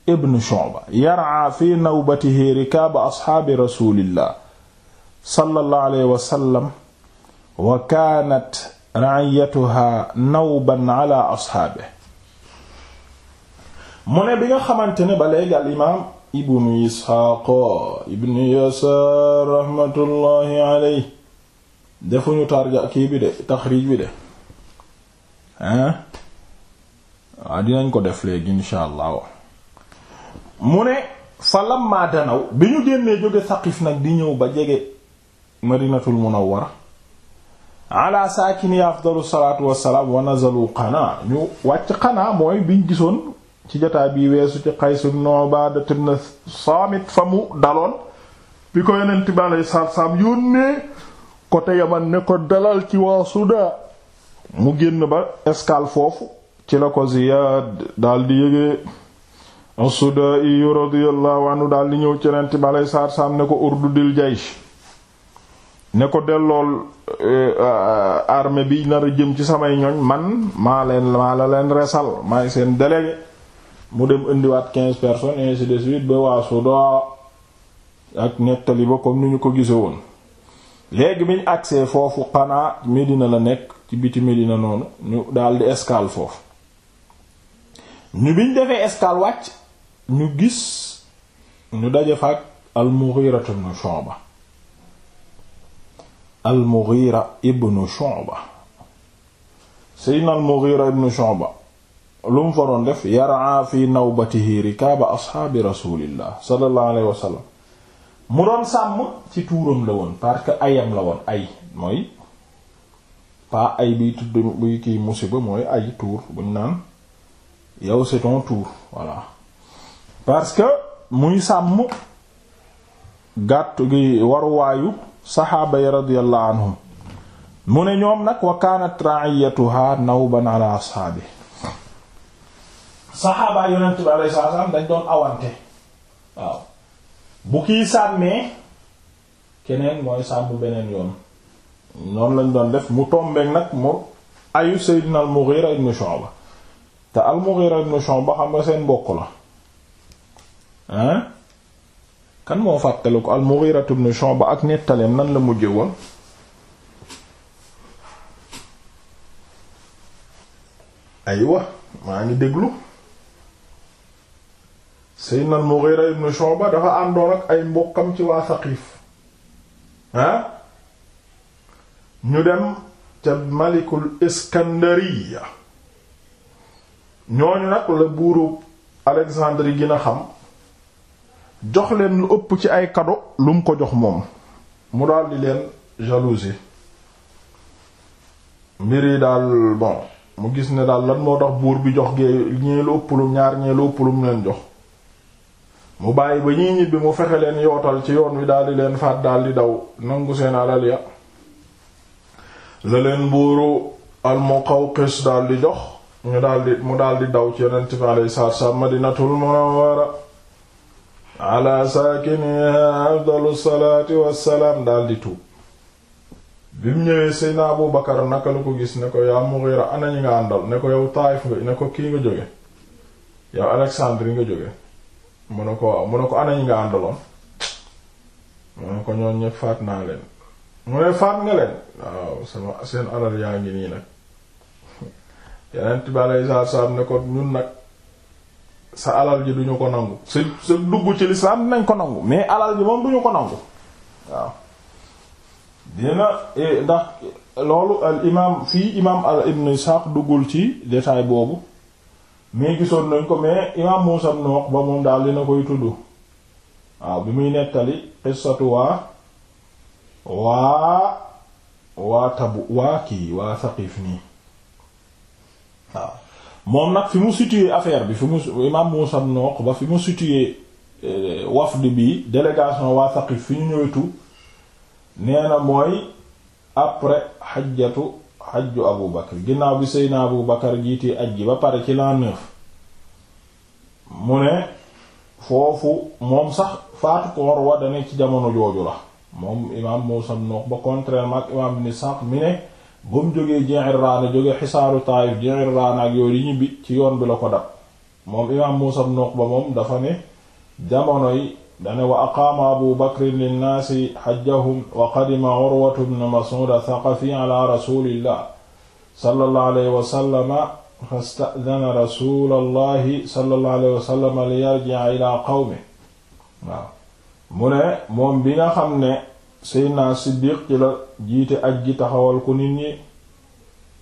ibn shu'ba yar'a fi nawbatihi rikaab ashaabi rasulillah sallallahu alayhi wa kaanat ra'iyatuha nawban ala asxaabe mu ne bi nga xamante ne ba léegi al imaam ibnu isxaaqa ibnu yasaar raxmatullaahi aley defuñu tarja kii bi de taxriij bi de hein waa dinañ ko def léegi insha allah mu ne fa lamma danaw bi ñu génnee jóge saqif nag di ñëw ba jege madinatul munawwara ala saakini afdalu salaatu wassalaam wa nazalu ñu wàcc qanaa mooy biñ gisoon ci jotaa bi weesu ci Qays ibn Ubaada ibn Saamit fa mu daloon bi ko yonent bi alayhi salaatu salaam yónnee côté Yaman ne ko dalal ci waa Sudaa mu génn ba escale foofu ci la ko Ziyaad daldi yëgee as-Sudaa'i radiyallahu anhu daldi ñëw ci yonent bi alayhi salaatu ne ko urdudil jaysh ne ko dellool Euh, euh, armée bi nar a jëm ci samay ñoñ man maa leen maa la leen resal maay seen délégué mu dem indiwaat quinze personnes et ainsi de suite ba waa Soudan ak nettali ba comme ni ñu ko gise woon léegi biñ agsee foofu xanaa Médina la nekk ci biti Médina noonu ñu daldi escale foofu ñu defee escale wàcc ñu gis ñu daje fa ak al-Mughira al-Mughira ibn Shu'ba seydna al-Mughira ibn Shu'ba lu mu fa doon def yaraa fi nawbatihi rikaaba asxaabi rasulillah sallallahu alayhi mu doon sàmm ci tuuram la woon parce que ayam la woon ay mooy pas ay biy tudd buy kiy musiba mooy ay tuur buñ naan yow c'est ton tour parce que muy sàmm gàtt gi waruwaayu saxaaba yi radiyallahu mu ne ñoom nag wa kaanat ra'iyatuha nawban ala ashaabi saxaaba yonent bi alayhi salaam dañ doon awante waaw bu kii sàmmee keneen mooy sàmm beneen yoon noonu lañ doon def mu tombeek nag mu ayu Seydina al-Mughira ibn Shu'ba xam nga seen mbokk la kan moo fàttale ko al-Mughira ibn Shu'ba ak nettaleem nan la mujje woon aywa maa ngi déglu Seydina al-Mughira ibn ba dafa àndoon ak ay mbokkam ci waa Saqif ah ñu dem ca Malikul Iskandariya ñooñu nag la buuru Alexandrie gën a xam jox leen lu ëpp ci ay kado lu mu ko jox moom mu daal di leen jalousie mbir yi daal bon mu gis ne daal lan moo tax buur bi jox gee ñee lu ëpp lu ñaar ñee lu ëpp lu mu leen jox mu bàyyi ba ñii ñibbi mu fexe leen yootal ci yoon wi daal di leen faat daal daw nangu seen alal ya la leen buuru al-Muqawqis daal di jox ñu daal mu daal di daw ci yonent bi alayhi salaatu wa salaam Madinatul Munawwara ala saakiniha afdalu salaati wassalaam daldi tuub bi mu ñëwee Seydina Abu Bakar naka la ko gis ne ko yaa Mughira ana ñi nga àndal ne ko yow Taayif nga ne ko kii nga jóge yow Alexandre nga jóge mu ne ko ana ñi nga àndaloon mu ne ko ñoon ñëpp faat naa leen mu ne faat nga leen waaw sama seen alal yaa ngi nii nag yeneen tibe alay saab saab ne ko ñun nag sa alal ji duñu ko nangu sa sa dugg ci lislaam dinañ ko nangu mais alal ji moom duñu ko nangu waaw dina e, ndax loolu al imaam fii imaam al ibn Ishaq duggul ci détail boobu mais gisoon nañ ko mais imaam Muusa ibn Uqba moom daal dina koy tudd waaw bi muy nettali qissatu waa waa waa tabu waa kii waa Saqiif nii waaw moom nag fi mu situé affaire bi fi mu imaam Muusa ibn Uqba fi mu situé eh, wafd bi délégation waa Saqif fi ñu ñëwtu nee na mooy après xajjatu xajju Abu Bakar ginnaaw bi Seydina Abu Bakar jiitee aj ji ba pare ci l'an neuf mu ne foofu moom sax faatu koor wa dane ci jamono jooju la moom imaam Muusa ibn Uqba contrairement imaam Ibn Sa'd mi ne ba mu jógee Ji'irraana jóge xisaaru Taayif Ji'irraana ak yooyu yi ñibbi ci yoon bi la ko dab moom imaam Muusaa ibn Uqba moom dafa ne jamonoy dane wa aqaama abu bakrin linnaasi xajjahum wa qadima urwatu bnu mas'uud athaqafi ala rasulillah sallallahu alayhi wa sallama fasta'dana rasulallahi sallallahu alayhi wa sallama ila qawmi mu ne moom bi nga xam ne seydna siddiq ci la jiite aj ji taxawal ko nit ñi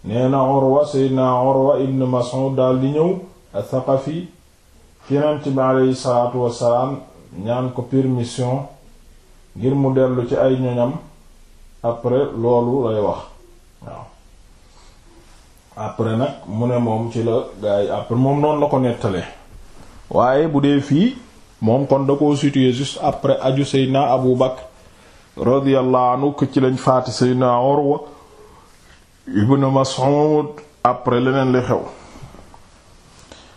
nee na urwa seydna urwa ibn mas'ud daldi ñëw athaqafi yonent bi aleyhi salaatu wasalaam ñaan ko permission ngir mu dellu ci ay ñoñam après loolu lay wax waaw après nag mu ne moom ci la gaa après moom noonu la ko nettalee waaye bu dee fii moom kon da koo situé juste après aju seydna abu bakr radiyallahu anhu ko ci lañ faati sayyidina Urwa ibnu Mas'ud après leneen li xew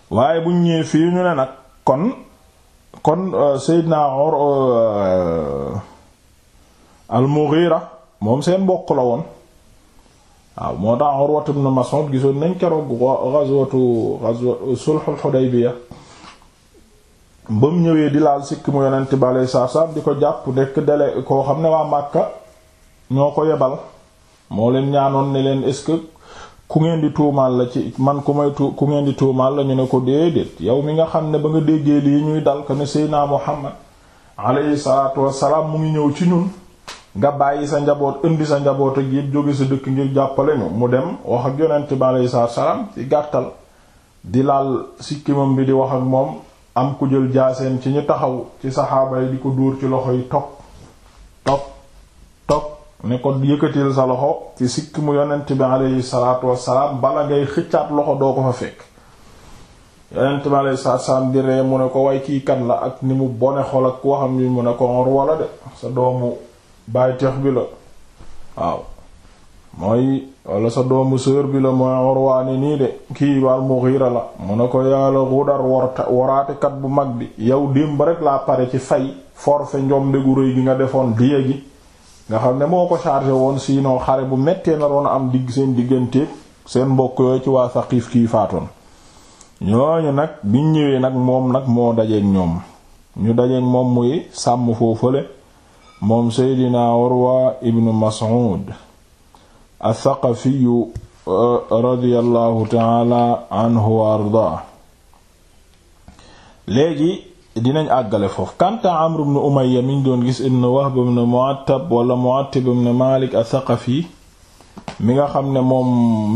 waaye buñ ñëwee fii ñu ne nag kon kon euh, sayyidina Urwa euh, al moom seen mbokk la woon waaw moo tax Urwa ibnu Mas'ud gisoon nañ keroog ghazwatu sulhul Hudaybiyah ba mu ñëwee di laal sikk mu yonent bi aleyhi salaam di ko jàpp nekk dele koo xam ne waa Màkka ñoo ko yebal moo leen ñaanoon ne leen est-ce que ku ngeen di tuumaal la ci man ku may tu ku ngeen di tuumaal la ñu ne ko déedéet yow mi nga xam ne ba nga déggee lii ñuy dal ko ne Seydina Muhammad aleyhi salaatu wassalaam mu ngi ñëw ci ñun nga bàyyi sa njaboot indi sa njaboot ak yépp jóge sa dëkk ngir jàppale ñu mu dem wax ak yonent bi aleyhi salaatu wassalaam gàttal di laal sikkimam bi di wax ak moom am ku jël jaaseem ci ñu taxaw ci saxaaba yi di ko dóor ci loxo yi tog tog tog ne ko yëkkatil sa loxo ci sikk mu yonent bi aleyhi salaatu wassalaam bala ngay xëccaat loxo doo ko fa fekk yonent bi aleyhi salaatu wassalaam di ree mu ne ko way kii kan la ak ni mu bone xol ak waxam yi mu ne ko wala de sa doomu bàyyi teex bi la waaw mooy wala sa doomu sœur bi la mooy Urwaani nii de kii wal Mughira la mu ne ko yàlla gudar warta waraatekat bu mag bi yow démb rek laa pare ci fay forfait njombe gu rëy gi nga defoon diye gi nga xam ne moo ko chargé woon sinon xare bu mettee na doon am digg seen digganteeg seen mbokk yooyu ci waa Saqiif kii faatoon ñooñu nag biñ ñëwee nag moom nag moo dajeeg ñoom ñu dajeeg moom muy sàmm foofale moom Seydina Urwa ibnu Mas'ud althaqafiyu radiallahu taala anhu wa ardaa léegi dinañ àggale foofu kanta amru bnu umaya miñ doon gis ibn wahb bnu mu'attab wala mu'attib bnu malik althaqafi mi nga xam ne moom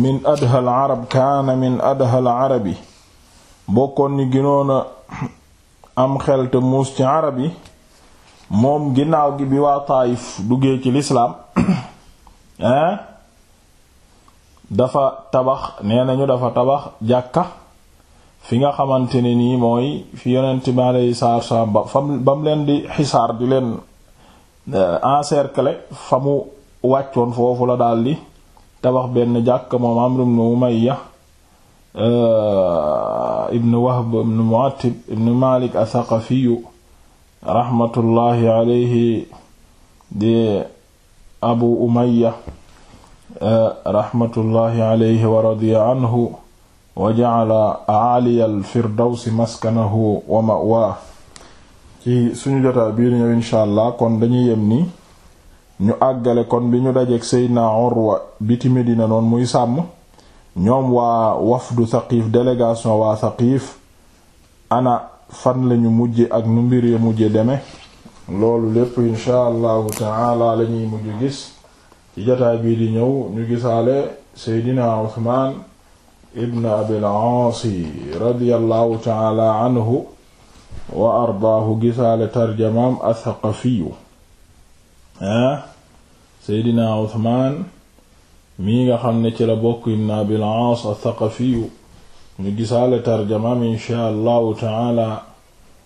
min adhal arab kaana min adhal arabi bokkoon ni ginoona am xel te muus ci arab moom ginnaaw gi bi waa taayif duggee ci lislaam hein dafa tabax nee nañu dafa tabax jàkka fi nga xamante ne nii mooy fi yonent bi alayhi salaatu salaam ba fam ba leen di xisaar di leen euh, encercler fa mu wàccoon foofu la daldi tabax benn jàkk moom Amr ibn Umayya euh, ibn Wahb ibn Mu'attib ibn Malik athaqafiyu rahmatullahi alayhi di Abu Umayya raxmatullahi alayhi wa radiya anhu wa ja'ala aaliya alfirdawsi maskanahu wa ma'waa ci suñu jotaa bii di insha allah kon dañuy yem ni ñu àggale kon bi ñu dajeek seydna Urwa biti Medina noonu muy sàmm ñoom waa wafdu Saqiif délégation waa Saqiif ana fan lañu mujje ak nu mbir ya mujje deme loolu lépp insha allahu taala lañuy mujj gis ci jataay bii di ñëw ñu gisaale seydina uthman ibn abil aas radiyallahu taala anhu wa ardaahu gisaale tarjamaam athaqafiyu ah seydina uthman mii nga xam ne ci la bokk ibn abil aas athaqafiyu ñu gisaale tarjamaam insha allahu taala